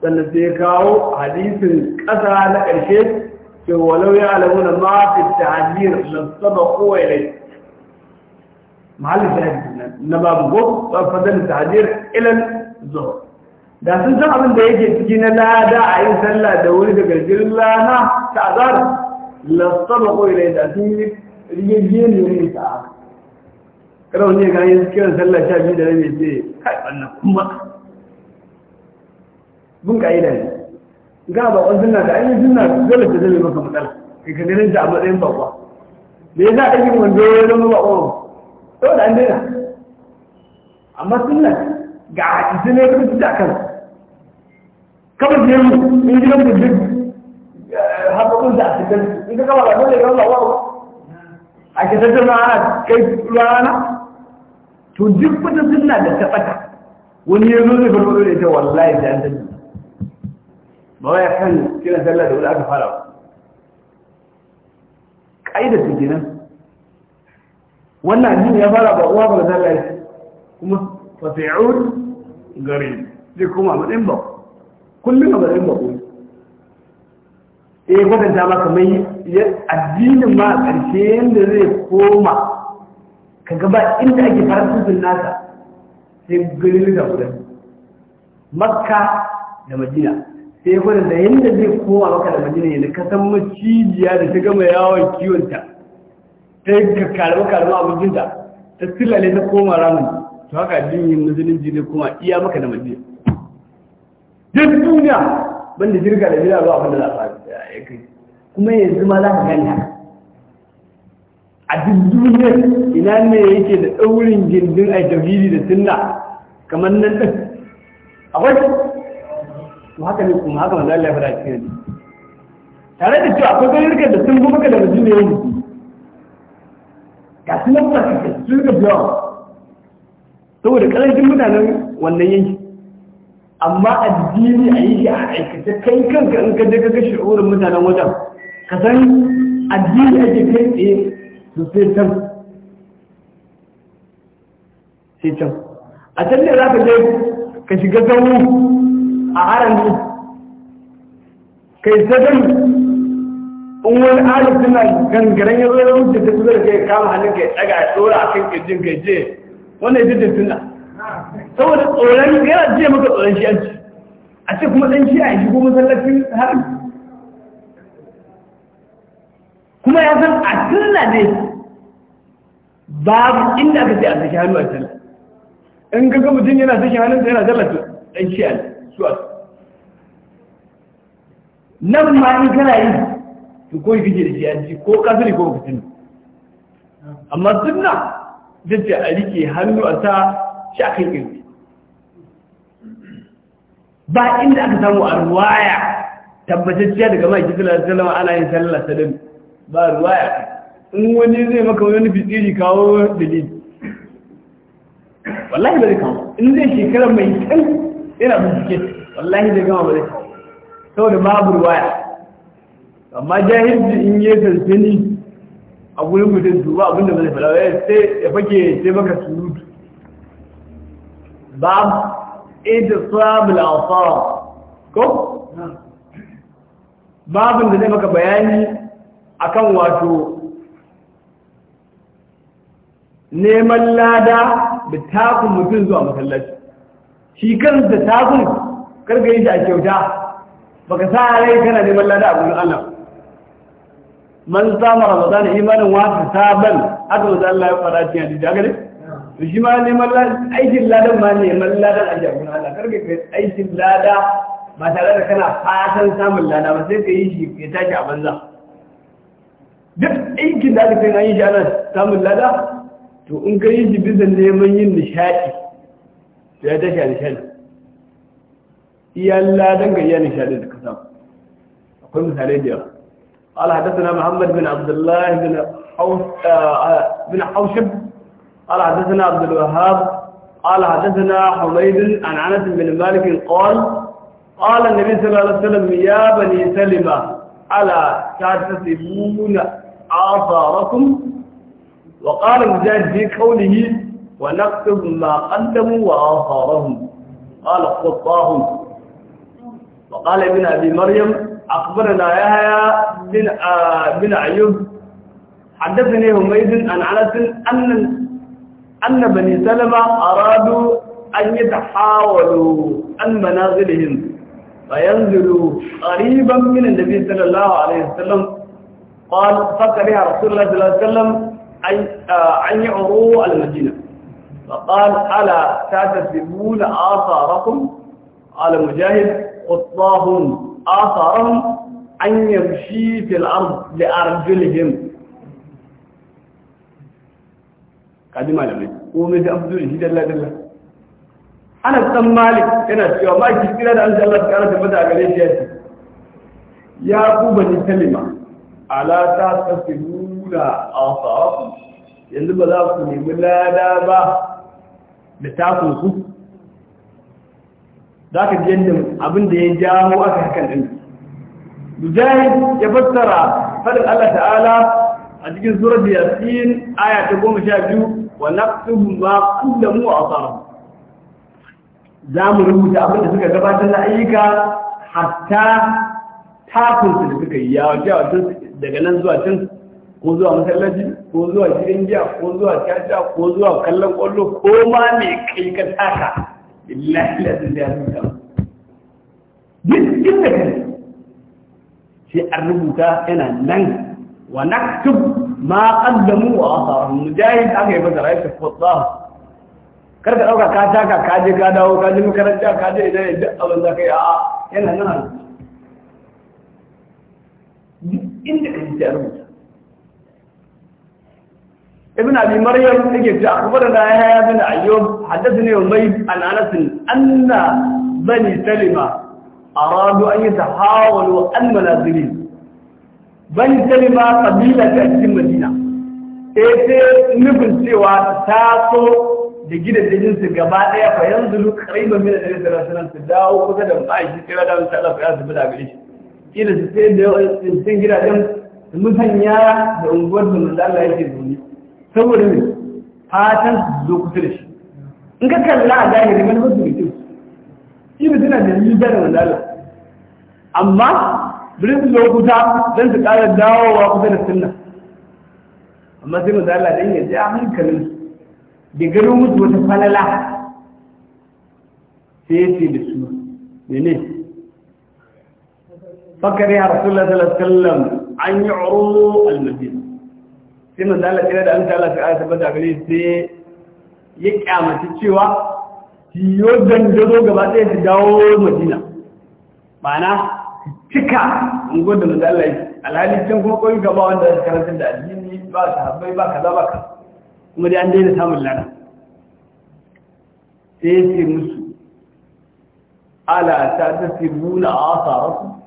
S1: sannan sai kawo hadisin ƙasa na ƙarshe ce walau ya alamu na mafi tahajir na saba kowai rai mahallin tahajir na babu ko fadar tahajir ilan zuwa da sun san abin da yake ciki na lada a yin sallah da wuri daga jirgin lana ta azar lastaba ko ilai da sun yi rigegge ne wani ta haka kada wani ya gani kiran sallah sha biyu da rabe sai kai wannan kuma bin ka'ida ne ga bakon sunna da ainihin yi sunna dole ta zame maka matsala kai ka ganin ta a matsayin bakwa me yasa ake wando ya zama bakon da an daina amma sunna ga hadisi ne kuma da kan kamar da yau in ji nan da duk hakkun da asidan in ka kama da dole ga Allah wa a ke tattauna ana kai rana to duk wata sunna da ta tsaka wani ya zo zai farfado da ita wallahi da an tattauna ba wai kan kiran sallah da wani aka fara ba ƙa'idar su kenan wannan addini ya fara ba uwa ba da sallah kuma fasi'ud gari zai koma matsayin ba kullum a matsayin ba eh kwatanta ma kamar addinin ma a ƙarshe yadda zai koma ka gaba inda ake farasusun nasa sai ganin da kudan makka da madina sai ya kwatanta yadda zai koma maka da madina yadda ka san macijiya da ta gama yawon kiwonta ta yi karama a abincinta ta ne ta koma ramin to haka na musulunci ne kuma iya maka da majiya duk duniya banda jirga da jira ba abin da za a ya kai kuma yanzu ma za ka gani haka a duk duniyar ina ne yake da ɗaurin gindin a tafiri da sunna kamar nan ɗin akwai to haka ne kuma haka mazali ya fara cikin tare da cewa akwai ganin da sun gumaka da madina yanzu ga sunan ba su ga biyawa saboda karancin mutanen wannan yanki amma addini a yi shi a aikace kai kanka in ka je ka kashe wurin mutanen wajen ka san addini ake kai tsaye su sai can sai can a can ne za ka je ka shiga zanwu a harami kai sadan in wani alif suna gangaren ya da ta kusa da kai kama hannun kai tsaga ya tsora a kan kirjin kai je wannan jiddin da saboda tsoron yana jiya maka tsoron shi'anci a ce kuma ɗan shi'a ya shigo masallacin harin kuma ya san a sunna ne babu inda aka ce a saki hannu a sallah in kaga mutum yana hannun ta yana sallah to ɗan shi'a a su a nan ma in kana yi ko yi kake da shi'anci ko kasiri ko fitina amma sunna duk a rike hannu a sa shi a kan ƙirji ba inda aka samu a ruwaya tabbatacciya daga maki sallallahu salama ana yin sallah salim ba ruwaya in wani zai maka wani fitsiri kawo dalil wallahi ba zai kawo in zai shekara mai kan yana bincike wallahi zai gama ba zai Sau saboda babu ruwaya amma jahilci in yi sarfini a gurin mutum duba abinda ba zai fada ba eh, sai ya fage sai maka surutu ba ita samun asara ko? babin da zai maka bayani akan wato neman lada da takun mutum zuwa masallaci shi kansa takun karka yi shi a kyauta baka sa rai kana neman lada a gudun Allah man sama ramadan imanin wasu saban haka wanzu Allah ya fara cikin hadisi haka ne to shi ma neman aikin ladan ma neman ladan a jagun Allah karka kai aikin lada ba tare da kana fatan samun lada ba sai ka yi shi ya tashi a banza duk aikin da aka kai an yi shi ana samun lada to in ka yi shi bisa neman yin nishaɗi to ya tashi a nishaɗi iya ladan ga iya nishaɗi da ka samu akwai misalai da yawa قال حدثنا محمد بن عبد الله بن حوش آه، آه، بن حوشب قال حدثنا عبد الوهاب قال حدثنا حميد عن عنس بن مالك قال قال النبي صلى الله عليه وسلم يا بني سلمة ألا تعتسبون آثاركم وقال مجاهد في قوله ونكتب ما قدموا وآثارهم قال خطاهم وقال ابن أبي مريم أخبرنا يحيى بن بن أيوب حدثني هميد عن أنس أن أن بني سلمة أرادوا أن يتحاولوا عن منازلهم فينزلوا قريبا من النبي صلى الله عليه وسلم قال فكره رسول الله صلى الله عليه وسلم أن يعروا المدينة فقال ألا تعتذبون آثاركم قال مجاهد خطاهم آثارهم أن يمشي في الأرض لأرجلهم قد ما لم يقوم بأفضل هدى الله دلله أنا بن مالك أنا سيوا ما كثيرا أن الله كانت مدى أغليش شيئا يا أبو بني سلمة ألا تتصلون آثاركم yanzu ba za ku nemi lada ba da za ka ji yadda abin da ya jawo aka hakan ɗin mujahid ya fassara faɗin Allah ta'ala a cikin surat yasin aya ta goma sha biyu wa naqtubu ma mu wa asara za mu rubuta abin da suka gabatar na ayyuka hatta takunsu da suka yi yawon jawon daga nan zuwa can ko zuwa masallaci ko zuwa gidan giya ko zuwa caca ko zuwa kallon kwallo ko ma mai kai ka taka billahi da zai ya rubuta duk inda kai sai an rubuta yana nan wa naktub ma qaddamu wa atharahum mujahid aka yi bazara yake fadaha kar ka dauka ka taka ka je ka dawo ka je makaranta ka je idan duk abin da kai a'a yana nan duk inda kai sai rubuta ابن أبي مريم يجب أخبرنا يا ابن أيوب حدثني يوميد عن أنس أن بني سلمة أرادوا أن يتحاولوا عن منازلين بني سلمة قبيلة أجل المدينة إيه نبن سوى تاسو da gidajen su gaba ɗaya fa yanzu duk kariba min da da rasulun su dawo kusa da ma'aiki kira da insha Allah ya zubi da gare shi kila su sai da sun gidajen mun da unguwar da Allah yake zuni saboda ne fatan su zo kusa da shi in ka kalla a zahiri wani wasu mai kyau shi mutum na da yi da wadala amma birin su zo kusa don su ƙara dawowa kusa da sunna amma sai maza Allah dan ya ji a hankalin su da garin mutu wata falala sai ya ce da su ne fakari يا رسول الله صلى الله عليه وسلم أن يعرضوا المدينة sai manzo Allah kira da Allah Allah ta tabbata gare sai ya kyamaci cewa yo dandazo gaba sai ya dawo Madina mana cika unguwar da manzo Allah ya alhali can kuma koyi gaba wanda zai karanta da addini ba su habbai ba kaza ba kuma dai an daina samun lana sai ya ce musu ala ta a asarakum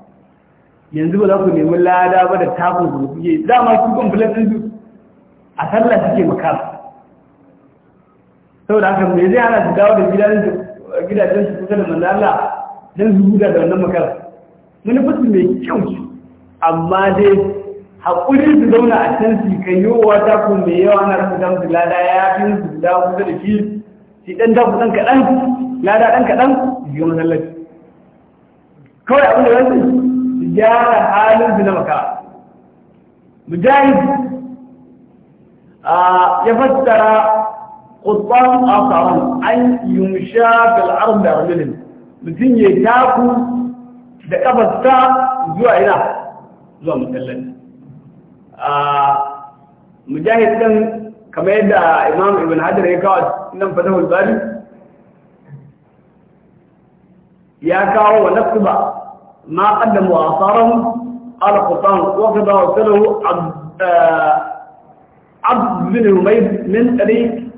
S1: yanzu ba za ku nemi lada ba da takun ku kuke dama ku kan ɗin su. a sallah suke makara saboda haka mai zai hana su dawo da gidajen su kusa da manzo don su huda da wannan makara manufarsu mai kyau amma dai haƙuri su zauna a can su yi wa wata ku mai yawa na rasa damsu lada ya fi su dawo kusa da shi shi ɗan dafu ɗan kaɗan lada ɗan kaɗan su yi masallaci kawai abin da wasu su gyara halin su na makara mujahid ya fassara qutban asarun an yumsha bil ard da rajulin mutum ya taku da kafarsa zuwa ina zuwa musallaci mujahid din kamar yadda imam ibn hajar ya kawo nan fatahul bari ya kawo wa naqba ma qaddamu asaran al-qutan wa qad wasalahu عبد بن عبيد من أبي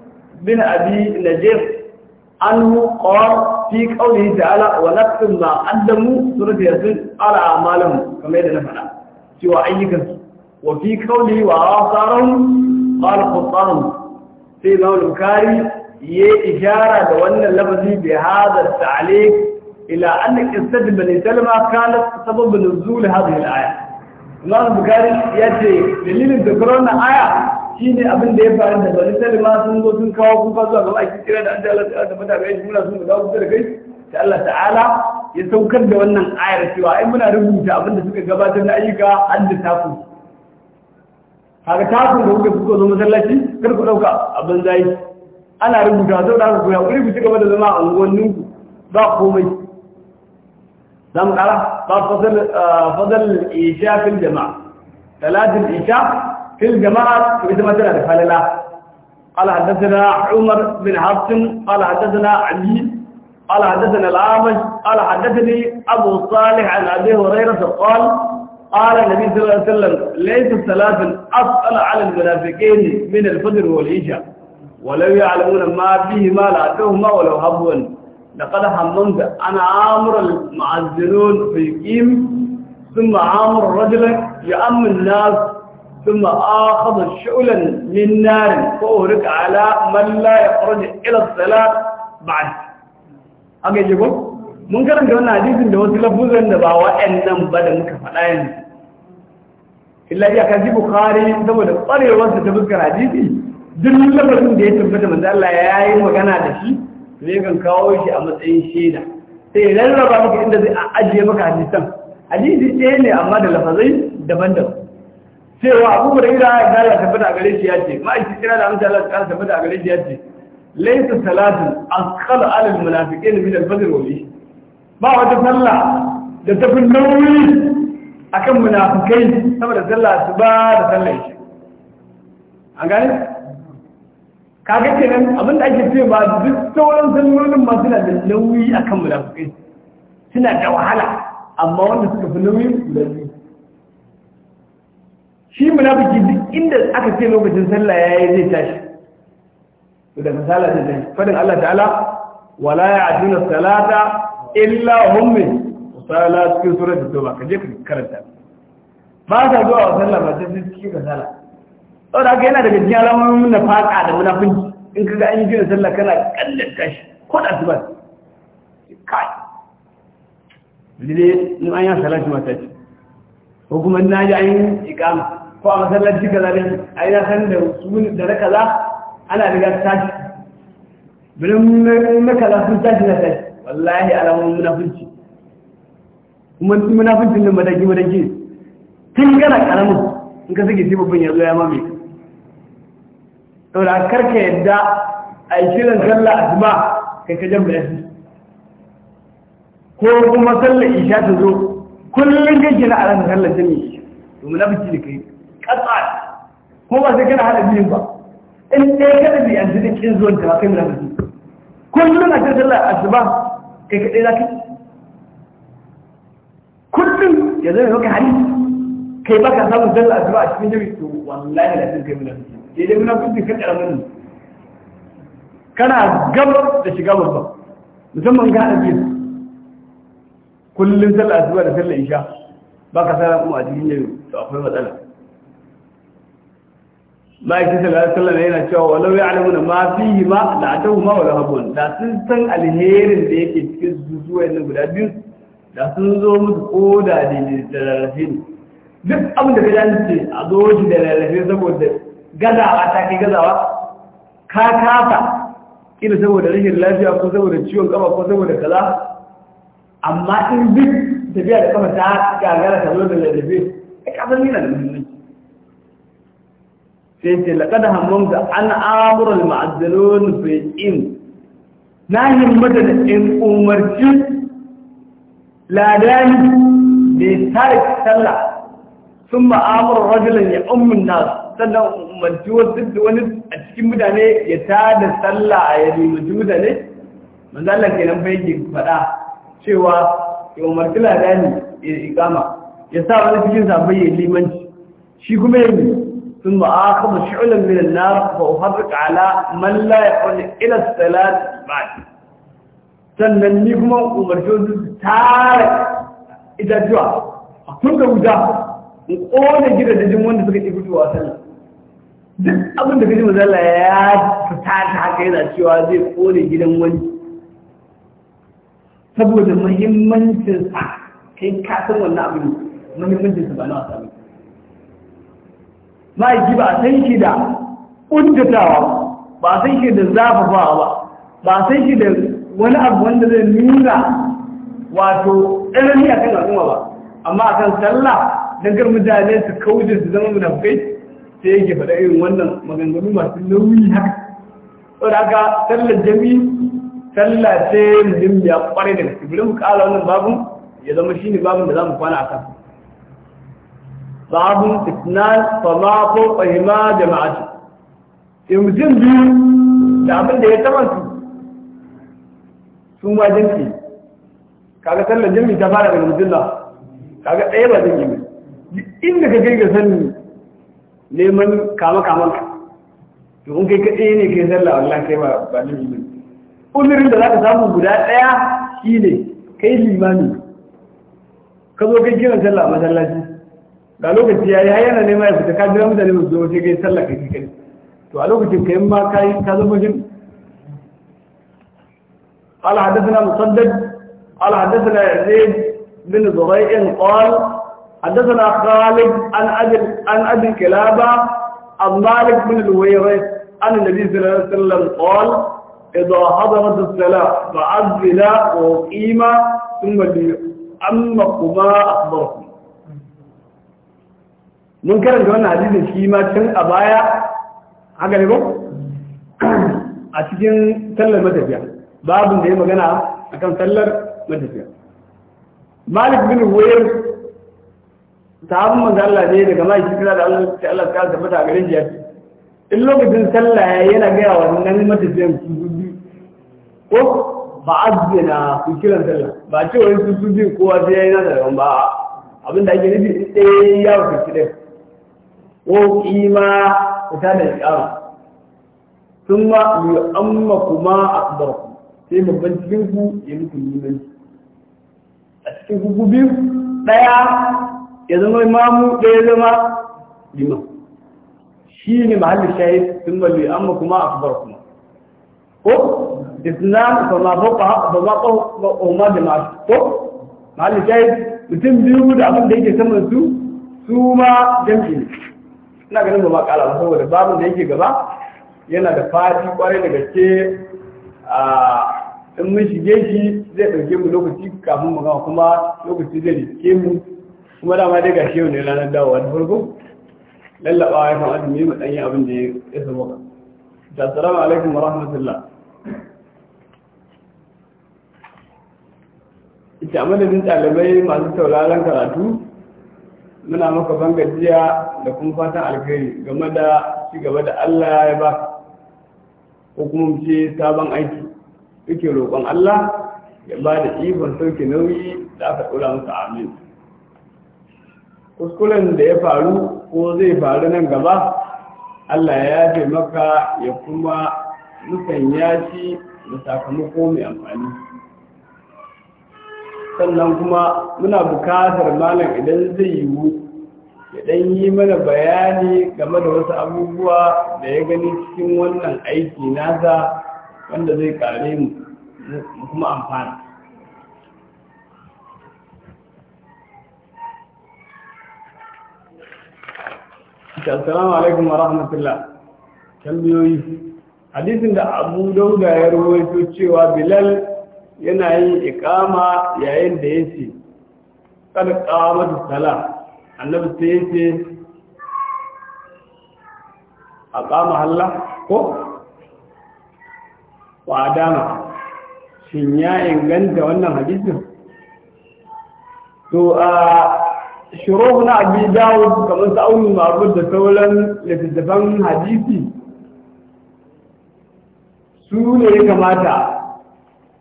S1: بن أبي نجير عنه قال في قوله تعالى ونكتب ما قدموا سورة ياسين على أعمالهم كما يدنا فعلا سوى أيكم وفي قوله وآثارهم قال خطارهم في إمام البخاري هي إشارة وأن اللفظ بهذا التعليق إلى أن قصة بني سلمة كانت سبب نزول هذه الآية إمام البخاري يأتي دليل تكررنا آية shi ne abin da ya faru da bani ma sun zo sun kawo kuka zuwa gaba ake kira da an Allah ta'ala da mata shi muna sun da kuka da kai Ta Allah ta'ala ya saukar da wannan ayar cewa ai muna rubuta abin da suka gabatar na ayyuka an da taku kaga taku da kuka kuka zo masallaci kar ku dauka abin zai ana rubuta sau da ku ku kuri ku ci gaba da zama a unguwannin ku ba komai Zamu kara ba fadal eh, isha fil jama'a talatin isha في الجماعة بجماعتنا لفعل الله قال حدثنا عمر بن حفص قال حدثنا علي قال حدثنا الأعمش قال حدثني أبو صالح عن أبي هريرة قال قال النبي صلى الله عليه وسلم ليس ثلاثا أفضل على المنافقين من الفجر والعشاء ولو يعلمون ما فيهما لأتوهما ولو هبوا لقد حممت أنا عامر المعزلون في قيم ثم عامر رجلا يأمن الناس ثم آخذ شعلا من نار فأهرك على من لا يخرج إلى الصلاة بعد أم يجبون mun karanta wannan hadisin da wasu lafuzan da ba waɗannan ba da muka faɗa yanzu illa iya kan ji bukhari saboda ƙwarewar ta fuskar hadisi duk lafazin da ya tabbata manzo Allah ya yi magana da shi zai kan kawo shi a matsayin shaida sai rarraba maka inda zai ajiye maka hadisan hadisi ɗaya ne amma da lafazai daban-daban cewa yi da ya ya kara tabbata a gare shi ya ce ma'aikin kira da amince Allah kara tabbata a gare shi ya ce laifin salatin a kala al munafiqin min al fajr wani ba wata sallah da tafi nauyi akan munafikai saboda sallah su ba da sallah shi an gane kaga kenan abin da ake ce cewa duk sauran sallolin masu da nauyi akan munafikai suna da wahala amma wanda suka fi nauyi da shi munafiki duk inda aka ce lokacin sallah yayi zai tashi da misala zai tashi fadin Allah ta'ala wala ya'tuna salata illa hum min sala cikin surat at-tauba ka je ka karanta ba sa zuwa wa sallah ba sai cikin kasala saboda haka yana daga cikin alamomin nafaka da munafinci in ka ga an yi sallah kana kallanta shi ko da su ba kai lile in an yi salati mata ce ko kuma na ji an yi ikama ko a masallaci kaza ne a yi san da sun da na kaza ana riga tashi bilin na kaza sun tashi na tashi wallahi alamun munafunci kuma munafuncin nan madaki madaki tun gana karamin in ka sake sai babban ya zo ya mame saboda karka yadda a yi shirin sallah zuma kai ka jan bayani ko kuma sallar isha ta zo kullum kake na aran sallar jami'i to munafunci ne kai قطعت هو زكنا هذا الدين بقى إيه انت كذب ان ذلك انزو انت باقي من الدين كل ما جرت الله الزباه يا زلمه هو كحديث كي بقى صاحب جل الزباه والله لا تنسى من الدين دي من كنت فكر من قبل ده قبل بقى كل زل الزباه زل إنشاء، بقى سلام ام ادين جوي فاقول مثلا ma'aikin sallallahu alaihi yana cewa walau ya na ma fi yi ma da atahu ma wa habun da sun san alherin da yake cikin zuzuwan nan guda biyu da sun zo musu ko da da lalafin duk abin da ka ce a zo shi da lalafin saboda gazawa ta kai gazawa ka kafa ina saboda rashin lafiya ko saboda ciwon kafa ko saboda kaza amma in duk tafiya da kafa ta gagara ta zo da lalafin ai ka san yana da muhimmanci sai ce laƙada hannun da an amuran ma'azalon fi'in na himmata da in umarci ladani da ya tare sallah sun ma'amuran rajulan ya ummin nasu sannan umarci wasu wani a cikin mutane ya tada sallah a yadda umarci mutane ke nan bai ke faɗa cewa ya umarci ladani ya ikama ya sa wani cikin sabai ya limanci shi kuma ya yi ثم آخذ شعلا من النار فأحرق على من لا يقول إلى الثلاث بعد سننكم ومرجوز تارك إذا جوا أكون كوجا وقول جدا تجمعون تفكي تفكي واسلا duk abin da kaji mazala ya fita ta haka yana cewa zai kone gidan wani saboda muhimmancinsa kai kasan wannan abin muhimmancinsa ba na wasa mai ma'aiki ba a san shi da ƙuntatawa ba a san shi da zafafawa ba ba a san shi da wani abu wanda zai nuna wato tsanani a kan al'umma ba amma a kan sallah don kar mutane su kauce su zama munafikai yi yake faɗa irin wannan maganganu masu nauyi haka wadda haka sallar Jami sallah ce muhimmiya kwarai da gaske mu kala wannan babin ya zama shi ne babin da za mu kwana a kansa babu fitnan fama ko fahima jama'atu in mutum biyu da abin da ya taɓa su su ma jinki kaga sallar jami'i ta fara daga mutum kaga ɗaya ba zan yi ba inda ka kai ga sani neman kama kaman ka to in kai kaɗai ne kai sallah Allah kai ba ba nan yi ba umirin da za ka samu guda ɗaya shine kai limami ka zo kai kiran sallah masallaci da lokaci ya har yana ya fita ka jira mutane sallah kai kai to a lokacin ma ka zama jin قال حدثنا مسدد قال حدثنا يزيد بن زريع قال حدثنا خالد عن ابي عن ابي كلابه عن مالك بن الويرث عن النبي صلى الله عليه وسلم قال إذا حضرت الصلاة فعذلا وقيما ثم لأمكما أخبركم mun karanta wannan hadisin shi ma can a baya haka ne ba a cikin sallar matafiya babin da ya magana akan sallar matafiya malik bin wayar sahabin manzan Allah ne daga mai shi kira da Allah ta Allah ta a garin jiya in lokacin sallah yana gaya wa nan matafiyan su ko ba azina ku kiran sallah ba ce wani su su biyu kowa sai yi da ba abinda ake nufi ɗaya ya wuce ɗaya Ko ta ƙara, sun وقيما amma kuma a يؤمكما أكبركم sai babban cikinku ya muku limanci a cikin kuku biyu ɗaya ya zama imamu ɗaya zama liman shi ne mahallin shayi sun yi amma kuma a kubar kuma ko isna ba ma ba ba ma ba ma da ma ko mahallin shayi mutum biyu da abin da yake saman su su ma jam'i ne ina ganin ba ma kala ba saboda babin da yake gaba yana da fati kwarai da gaske a in mun shige shi zai ɗauke mu lokaci kafin mu gama kuma lokaci zai rike mu kuma dama dai gashi yau ne ranar dawowa da farko lallaba ya kan azumi mu danyi abin da ya samu ka. Da assalamu alaikum wa rahmatullah. Ita amadadin ɗalibai masu sauraron karatu muna maka gajiya da kuma fatan alkhairi game da ci gaba da Allah ya ba ko kuma mu ce sabon aiki kake roƙon Allah ya ba da ikon sauke nauyi da aka ɗora musu amin kuskuren da ya faru ko zai faru nan gaba Allah ya yafe maka ya kuma musanya shi da sakamako mai amfani sannan kuma muna bukatar malam idan zai yiwu ya dan yi mana bayani game da wasu abubuwa da ya gani cikin wannan aiki nasa wanda zai kare mu kuma amfana assalamu alaikum wa rahmatullah tambayoyi hadisin da abu dauda ya rawaito cewa bilal yana yin ikama yayin da yake kalqama da sala annabi sai yake aqama halla ko wa adama shin ya inganta wannan hadisin to a shuruh na abi dawud kamar sa'ul ma'bud da sauran littattafan hadisi su ne kamata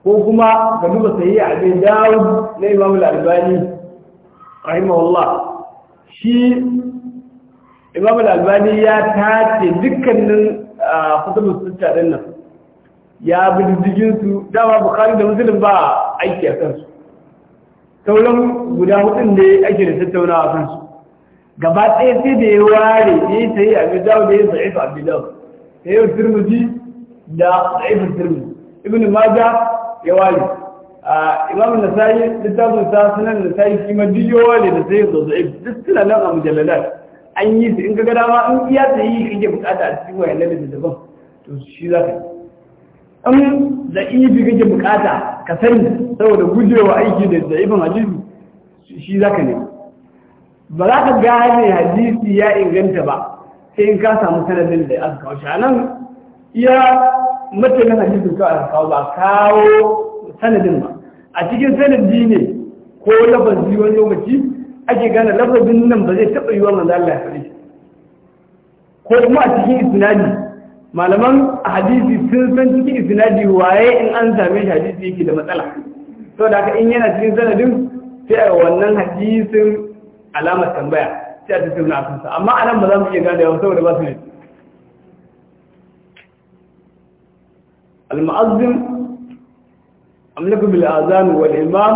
S1: ko kuma ga duba sayi a bai dawo na imam al-albani rahimahullah shi imamu al ya tace dukkanin kutubus sita tare nan ya bi jirgin su dama bukari da musulun ba aiki a kansu sauran guda hudun da ake da tattauna a kansu gaba ɗaya sai da ya ware ya yi sayi a bidawo da ya sa'ifu a bidawo dawud ya yi turmuji da sa'ifin turmuji ibn majah ya wari imam nasa'i littafin sa sunan nasa'i shi ma yawa ne da sai zo zai duk suna nan a mujallalar an yi su in ga ma in iya ta yi kake bukata a cikin wayan nan daban to shi za ka yi in da ibi kake bukata ka sani saboda gujewa aiki da zaifin hadisi shi za ka ne ba za ka gane hadisi ya inganta ba sai in ka samu sanadin da aka kawo shi a nan iya matanin hadisin kawai a kawo ba kawo sanadin ba a cikin sanadi ne ko lafazi wani lokaci ake gane lafazin nan ba zai taɓa yi manzo Allah ya fari ko kuma a cikin isnadi malaman a hadisi sun san cikin isnadi waye in an same shi hadisi yake da matsala to da haka in yana cikin sanadin sai a wannan hadisin alamar tambaya sai a tattauna a kansa amma nan ba za mu iya gane yawa saboda ba su ne al-mu'azzim amlaku bil azan wal imam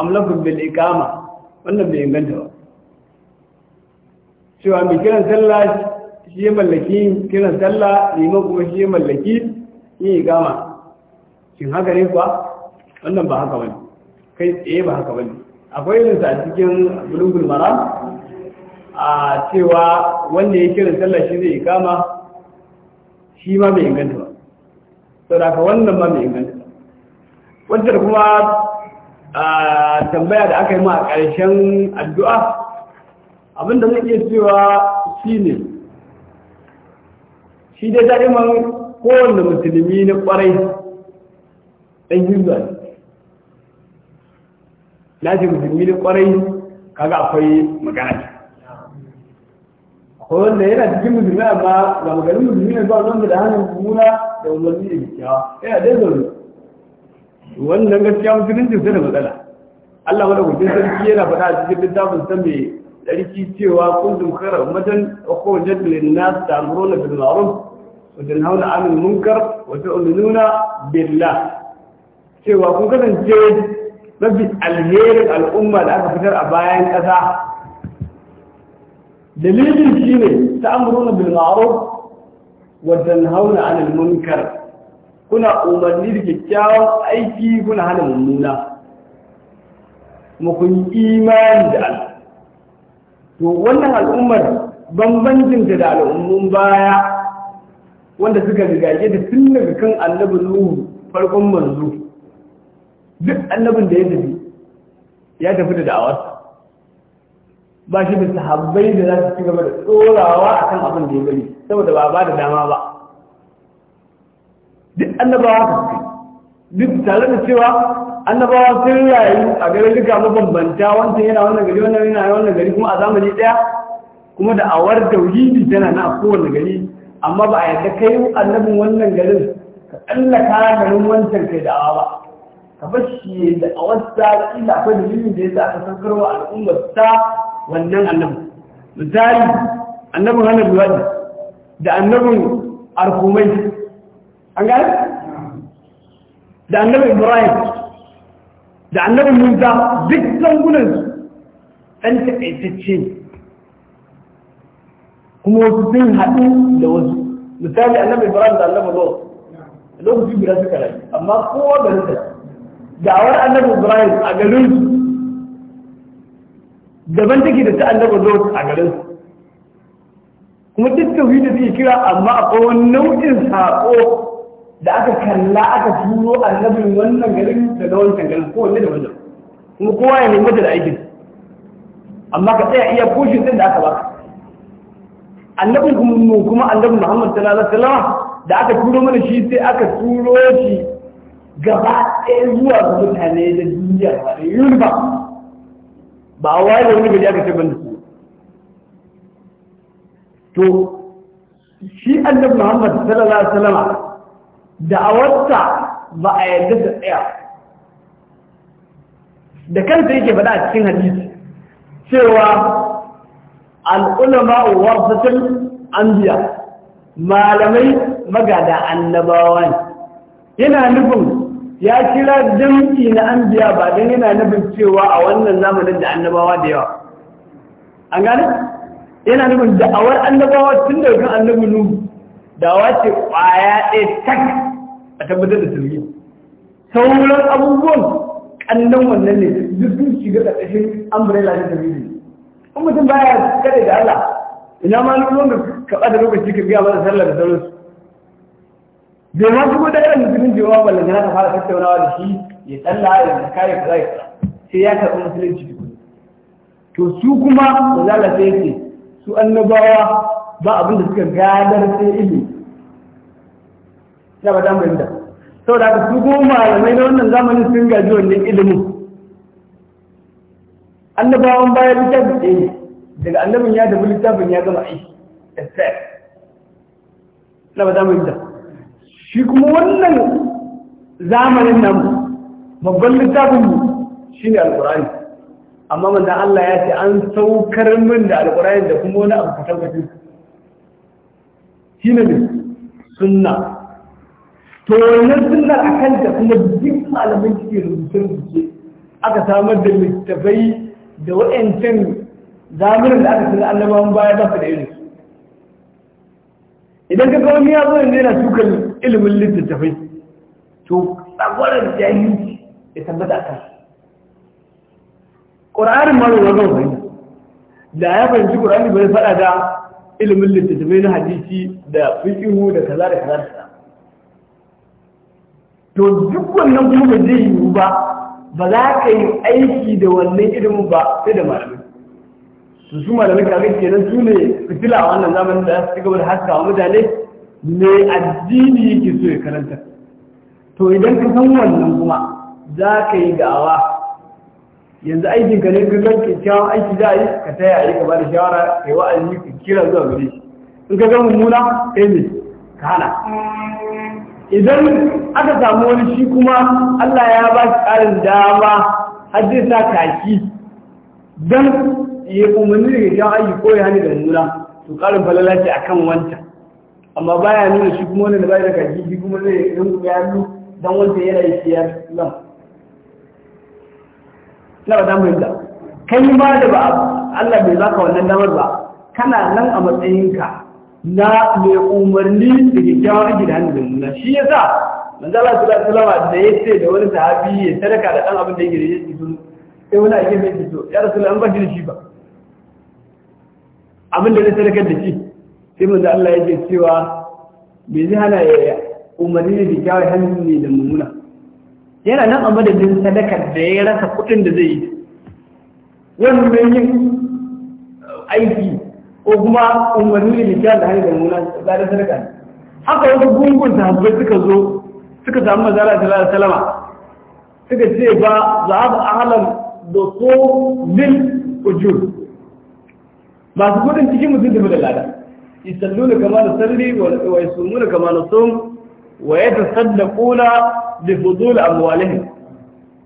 S1: amlaku wannan bai inganta ba cewa mai kiran sallah shi ya mallaki kiran sallah liman kuma shi ya mallaki yin iqama shin haka ne kuwa wannan ba haka bane kai tsaye ba haka bane akwai irin sa cikin bulugul maram a cewa wanda ya kiran sallah shi zai ikama shi ma bai inganta ba sau da wannan ba mai inganta wadda kuma tambaya da aka yi ma a ƙarshen addu'a abinda zai iya cewa shi ne shi dai ko kowanne musulmi na ƙwarai ɗan hindu na ce musulmi na ƙwarai kaga akwai magana akwai wanda yana cikin musulmi amma ga musulmi ne ba wanda da hannun kuma da umarni da kyakkyawa yana eh, dai zaune wannan gaskiya musulunci sai da matsala Allah wanda gudun sarki yana faɗa a cikin littafin sa mai tsarki cewa kuntum khara ummatan wa qawlan na nas ta'muruna bil wajen wa tanhauna 'anil munkar wa tu'minuna billah cewa kun kasance mafi alherin al'umma da aka fitar a bayan ƙasa dalilin shi ne ta amuruna bil ma'ruf wa hauna 'anil munkar kuna umarni da kyakkyawan aiki kuna hana mummuna kuma imani da Allah to wannan al'ummar bambancin da al'ummun baya wanda suka rigage da tun daga kan annabin Nuhu farkon manzo duk annabin da ya tafi ya tafi da da'awarsa ba shi da sahabbai da za su ci gaba da tsorawa a kan abin da ya bari saboda ba ba da dama ba duk annabawa ka suke duk tare da cewa annabawa sun rayu a garin duka mabambanta wancan yana wannan gari wannan yana wannan gari kuma a zamani ɗaya kuma da awar tauhidi tana na kowane gari amma ba a yadda kai annabin wannan garin ka tsallaka garin wancan kai da awa ba ka bar shi da awarsa ila akwai dalilin da ya sa aka sankarwa al'ummar ta wannan annabi misali annabin hana luwaɗi da annabin arkumai an gani da annabin ibrahim da annabin musa duk zangunan ɗan taƙaitacce kuma wasu sun haɗu da wasu misali annabin ibrahim da annabin lord lokaci guda suka rai, amma kowa garin da da'awar annabin ibrahim a garin su daban take da ta annaba zo a garin su kuma duk da suke kira amma akwai wani nau'in sako da aka kalla aka turo annabin wannan garin da na wancan garin ko wanne da wanda kuma kowa ya nemi da aikin amma ka tsaya iya koshin din da aka ba annabin kuma kuma annabin Muhammad sallallahu alaihi wasallam da aka turo mana shi sai aka turo shi gaba ɗaya zuwa ga mutane da duniya da universe ba a waye wani aka ce ban da su to shi annabi muhammad sallallahu alaihi wasallama da'awarsa ba a yarda da tsaya da kansa yake faɗa a cikin hadisi cewa al'ulama Warsatun anbiya malamai magada annabawa yana nufin ya kira jam'i na an biya ba don yana nufin cewa a wannan zamanin da annabawa da yawa an gane yana nufin da'awar annabawa tun da kan annabi nuhu da ce kwaya ɗaya tak a tabbatar da tarbiyya sauran abubuwan ƙannan wannan ne duk sun shiga ƙarƙashin umbrella na ne. kuma mutum baya kada da Allah ina ma lokacin da ka ɓata lokaci ka biya mana sallar da sauransu bai ma kuma da irin musulun jewa ballan ta fara tattaunawa da shi ya tsalla ya kare kaza ya sai ya karɓi musulunci duk to su kuma da sai yake su annabawa ba abin da suka gadar sai ilimi ya ba dan bayyana saboda haka su kuma malamai na wannan zamanin sun gaji wannan ilimin annabawan baya littafin ɗaya ne daga annabin ya dabi littafin ya gama aiki da sai na ba dan bayyana shi kuma wannan zamanin nan babban littafin mu shi ne alkurani amma manzan Allah ya ce an saukar min da alkurani da kuma wani abu kusan kafin shi ne ne sunna to wannan sunna a kanta kuma duk malamin cikin rubutun rubuce aka samar da littafai da waɗancan zamanin da aka sanar annabawan baya ba da irin idan ka kawo ya zuwa yana tukar ilimin littattafai to tsagwarar jahilci ya tabbata kan ƙura'arin ma zuwa zuwa fahimta da ya fahimci ƙura'ani bai faɗa da ilimin littattafai na hadisi da fikihu da kaza da kaza da to duk wannan kuma zai yiwu ba ba za ka yi aiki da wannan ilimin ba sai da malamai su su malamai kaga kenan su ne fitila a wannan zamanin da su gaba da haskawa mutane ne addini yake so ya karanta to idan ka san wannan kuma za ka yi da'awa yanzu aikin ka ne ka ga kyakkyawan aiki za a yi ka taya yi ka ba da shawara ka yi wa'azi ka kira zuwa gare shi in ka ga mummuna kai ne ka hana idan aka samu wani shi kuma Allah ya ba shi ƙarin dama har zai sa kaki don Eh, ya umarni da kyakkyawan aiki ko ya hani da mummuna to karin falalaci a akan wancan amma baya nuna shi kuma wani da bai da kaji kuma zai rungu ya hannu don wancan yana yi shi ya lam na ba damu yadda kai ma da ba Allah bai zaka wannan damar ba kana nan a matsayinka na mai umarni da kyakkyawan aiki da hannu da mummuna shi yasa manzo Allah sallallahu alaihi wasallam da yace da wani sahabi ya sadaka da dan abin da yake da eh, yake so sai wani ake mai fito ya rasu an ba shi da shi ba abin da zai sadakar da shi sai da Allah ya ce cewa bai zai hana ya umarni da kyawai hannun ne da mummuna yana nan a madadin sadakar da ya rasa kuɗin da zai yi mai yin aiki ko kuma umarni da kyawun da hannun da mummuna da sadaka haka wasu gungun ta sahabbai suka zo suka samu mazara da salama suka ce ba za a halar da so mil ujur masu kudin cikin mutum tafi da lada na kama da sarri wa na kama da sun wa yatasaddaquna bi fudul amwalihim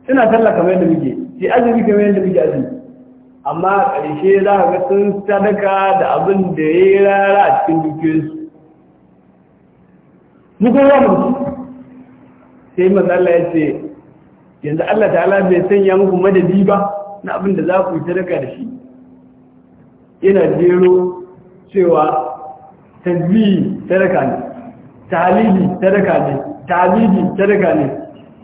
S1: suna sallah kamar yadda muke sai azumi kamar yadda muke azumi amma ƙarshe za ka ga sun sadaka da abin da ya yi rara a cikin dukiyarsu mu kuma mu sai manzo Allah ya ce yanzu Allah ta'ala bai sanya muku madadi ba na abin da za ku yi sadaka da shi yana jero cewa tajbi sadaka ne talibi sadaka ne talibi sadaka ne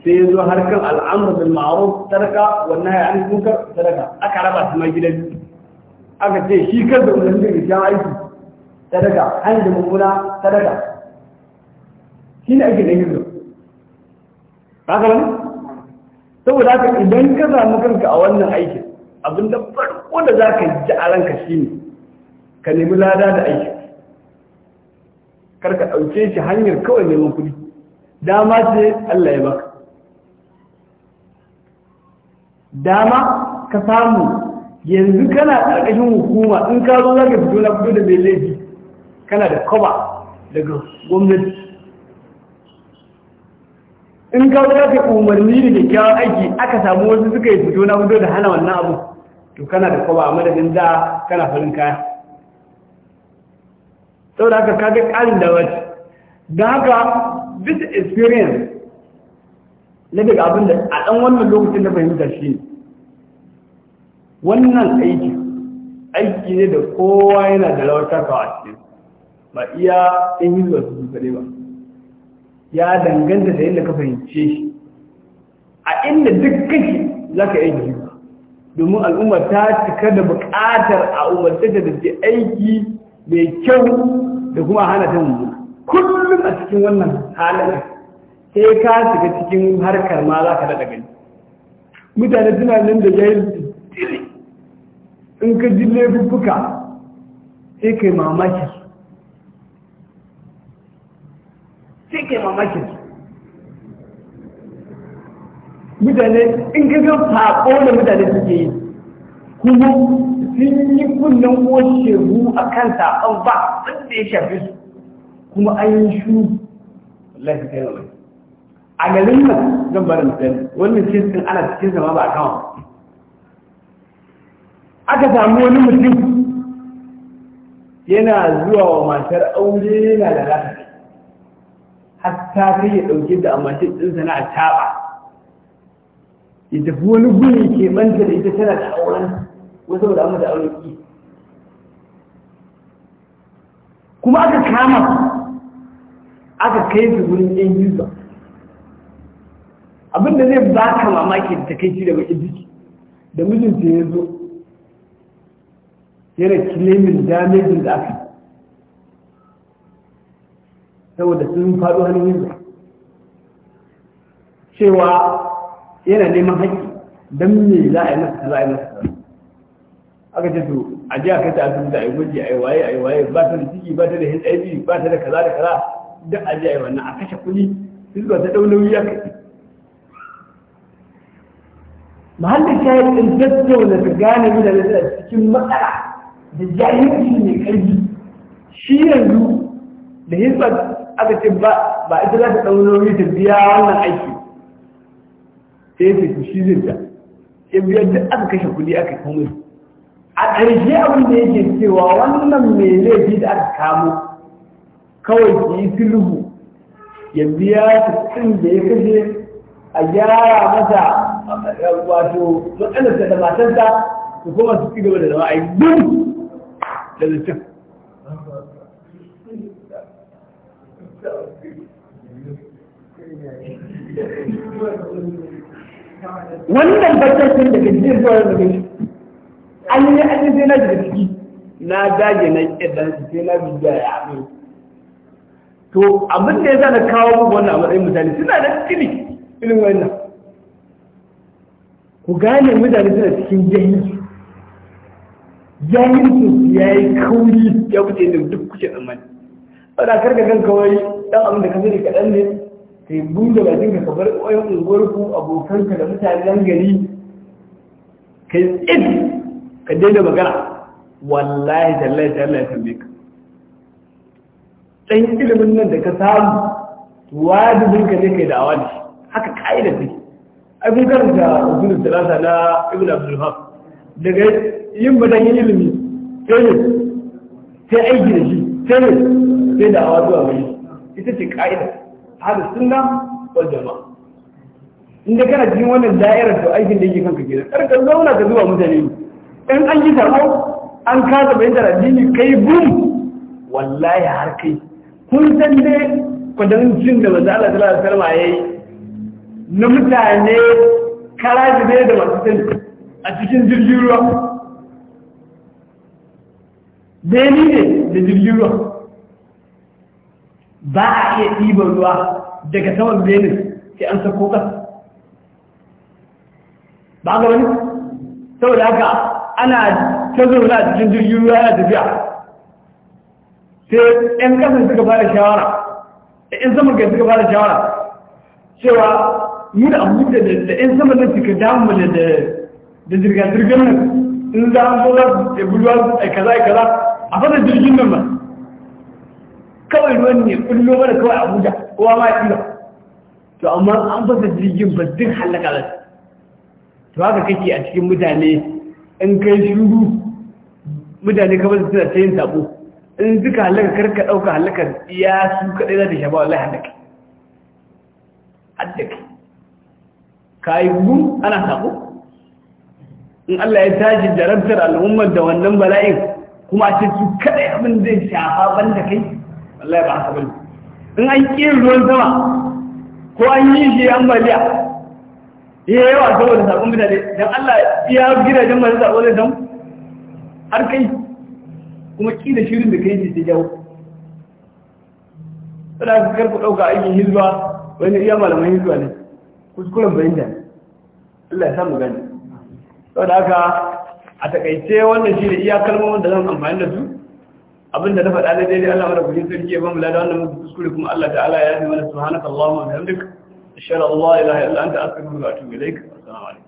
S1: sai ya zo harkar al'amur bil ma'ruf sadaka wannan ya an kuka sadaka aka raba su ma gidan aka ce shi kar da umarni da ya aiki sadaka an da mummuna sadaka shi ne ake da yanzu ba ka saboda haka idan ka samu kanka a wannan aikin abin da wanda za ka yi a shi ne ka nemi lada da aiki karka ɗauke shi hanyar kawai neman kuɗi dama ce Allah ya baka dama ka samu yanzu kana ƙarƙashin hukuma in ka zo zaka fito na fito da mai laifi kana da kwaba daga gwamnati in ka zo zaka ka umarni da kyakkyawan aiki aka samu wasu suka yi fito na fito da hana wannan abu to kana da kwaba a madadin da kana farin kaya Sau da haka kaga ƙarin da wace da haka this experience na daga abin da a ɗan wannan lokacin da fahimta shi ne wannan aiki aiki ne da kowa yana da rawar takawa a cikin ba iya ɗin yi zuwa su zuwa ba ya danganta da yadda ka fahimce shi a inda duk kake za ka yi jiwa domin al'umma ta cika da buƙatar a umarta da daji aiki mai kyau da kuma hana ta mummuna kullum a cikin wannan halin sai ka shiga cikin harkar ma za ka daɗa gani mutane suna nan da yayin in ka ji laifuffuka sai kai yi sai kai mutane in ka ga faɓo da mutane suke yi kuma sun yi kunnen washehu a kan saƙon ba da ya shafi su kuma an yi shu lafi kai mai a garin nan zan bari misali wannan cikin ana cikin zama ba a kama aka samu wani mutum yana zuwa wa matar aure yana da lafi hatta kai ya ɗauki da amince ɗinsa na a taɓa ya tafi wani guri ke manta da ita tana da auren wasu da amma da auren ki kuma aka kama aka kai su wurin yan yuza abinda zai baka mamaki da takaici da baki jiki da mijinta ya zo yana kilimin damejin da aka saboda sun faɗo hannun yuza cewa yana neman haƙƙi don me za a yi masa za a yi masa aka ce to a jiya kai ta asibiti a yi gwaji a yi waye a yi waye ba ta da ciki ba ta da hiv ba ta da kaza da kaza duk a jiya a yi wannan a kashe kuɗi sun zuwa ta ɗau nauyi ya kai Muhallin shayar ɗin da ta gane da da cikin matsala da jahilci ne ƙarfi shi yanzu da hisba aka ce ba ba ita za ta ɗau nauyi ta biya wannan aiki sai ya fi shi zai ta ya biyar duk aka kashe kuɗi aka kamo a ƙarshe abin da yake cewa wannan mai laifi da aka kamo kawai ki yi sulhu ya biya tsin da ya kashe a gyara masa wato matsalarsa da matarsa su kuma su cigaba gaba da zama a yi gudu da zancen Thank you. wannan bakin baccin da gajiyar zuwa da gani an yi an yi sai na daga ciki na dage na ƙidan su sai na biya ya abin to abin da ya sa na kawo muku wannan a matsayin misali suna da cikin irin wannan ku gane mutane suna cikin jahilci jahilcin su ya yi kauri ya wuce da duk kuke tsammani ba da karka kan kawai dan abin da ka sani kaɗan ne Ka yi kai ba bakin ka kabar ƙwayar unguwarku abokanka da mutanen gari yi tsit ka daina magana wallahi tallahi tallahi ya ka ɗan ilimin nan da ka samu wajibin ka ne kai da awa shi haka ka'ida take ai kun karanta usulul salasa na ibn abdul haq daga yin ba badan ilimi sai sai aiki da shi sai sai da awa zuwa gari ita ce ka'ida ahlus sunna wal jama'a inda kana jin wannan da'irar to aikin da yake kanka kenan kar ka zauna ka zuwa mutane in an yi sabo an kasa tara dini kai bum wallahi har kai kun san dai jin da manzo Allah sallallahu alaihi wasallam yayi na mutane karaji ne da masu sani a cikin jirgin ruwa dai ne da jirgin ruwa ba a iya ɗiban ruwa daga saman benin sai an sako ƙasa ba ga wani saboda haka ana ta zaune a cikin jirgin ruwa yana tafiya sai ƴan ƙasar suka ba da shawara in sama ga suka fara shawara cewa mu da abu da 'yan sama da suka damu da zirga-zirgar nan in za a zo za su ɗabi ruwa a kaza a kaza a fasa jirgin nan ba kawai ruwan ne kullum mana kawai abuja kowa ma ya to amma an fasa jirgin ba duk halaka ba to haka kake a cikin mutane in kai shuru mutane kamar su suna ta yin sabo in duka halaka karka ɗauka halaka ya su kaɗai za ta shaba wallahi halaka haddak ka yi gugu ana sabo in Allah ya tashi jarabtar al'ummar da wannan bala'in kuma a ce su kadai abin zai shafa ban da kai Allah ba haka bane in an ƙin ruwan sama ko an yi shi ambaliya eh, ya yi yawa saboda sabon ne don Allah ya gidajen masu sabon da don har kai kuma ki da shirin da kai ne ta jawo tsada ka karku ɗauka aikin hizba wani iya malaman hizba ne kuskuren bayan da Allah ya mu gani saboda haka a takaice wannan shi da iya kalmomin da zan amfani da su abinda na faɗa da daidai Allah mara kujin sarki ya bamu lada wannan muku kuskure kuma Allah ta'ala ya yi mana subhanaka Allahumma bihamdik ashhadu an la ilaha illa anta astaghfiruka wa atubu ilaik assalamu alaikum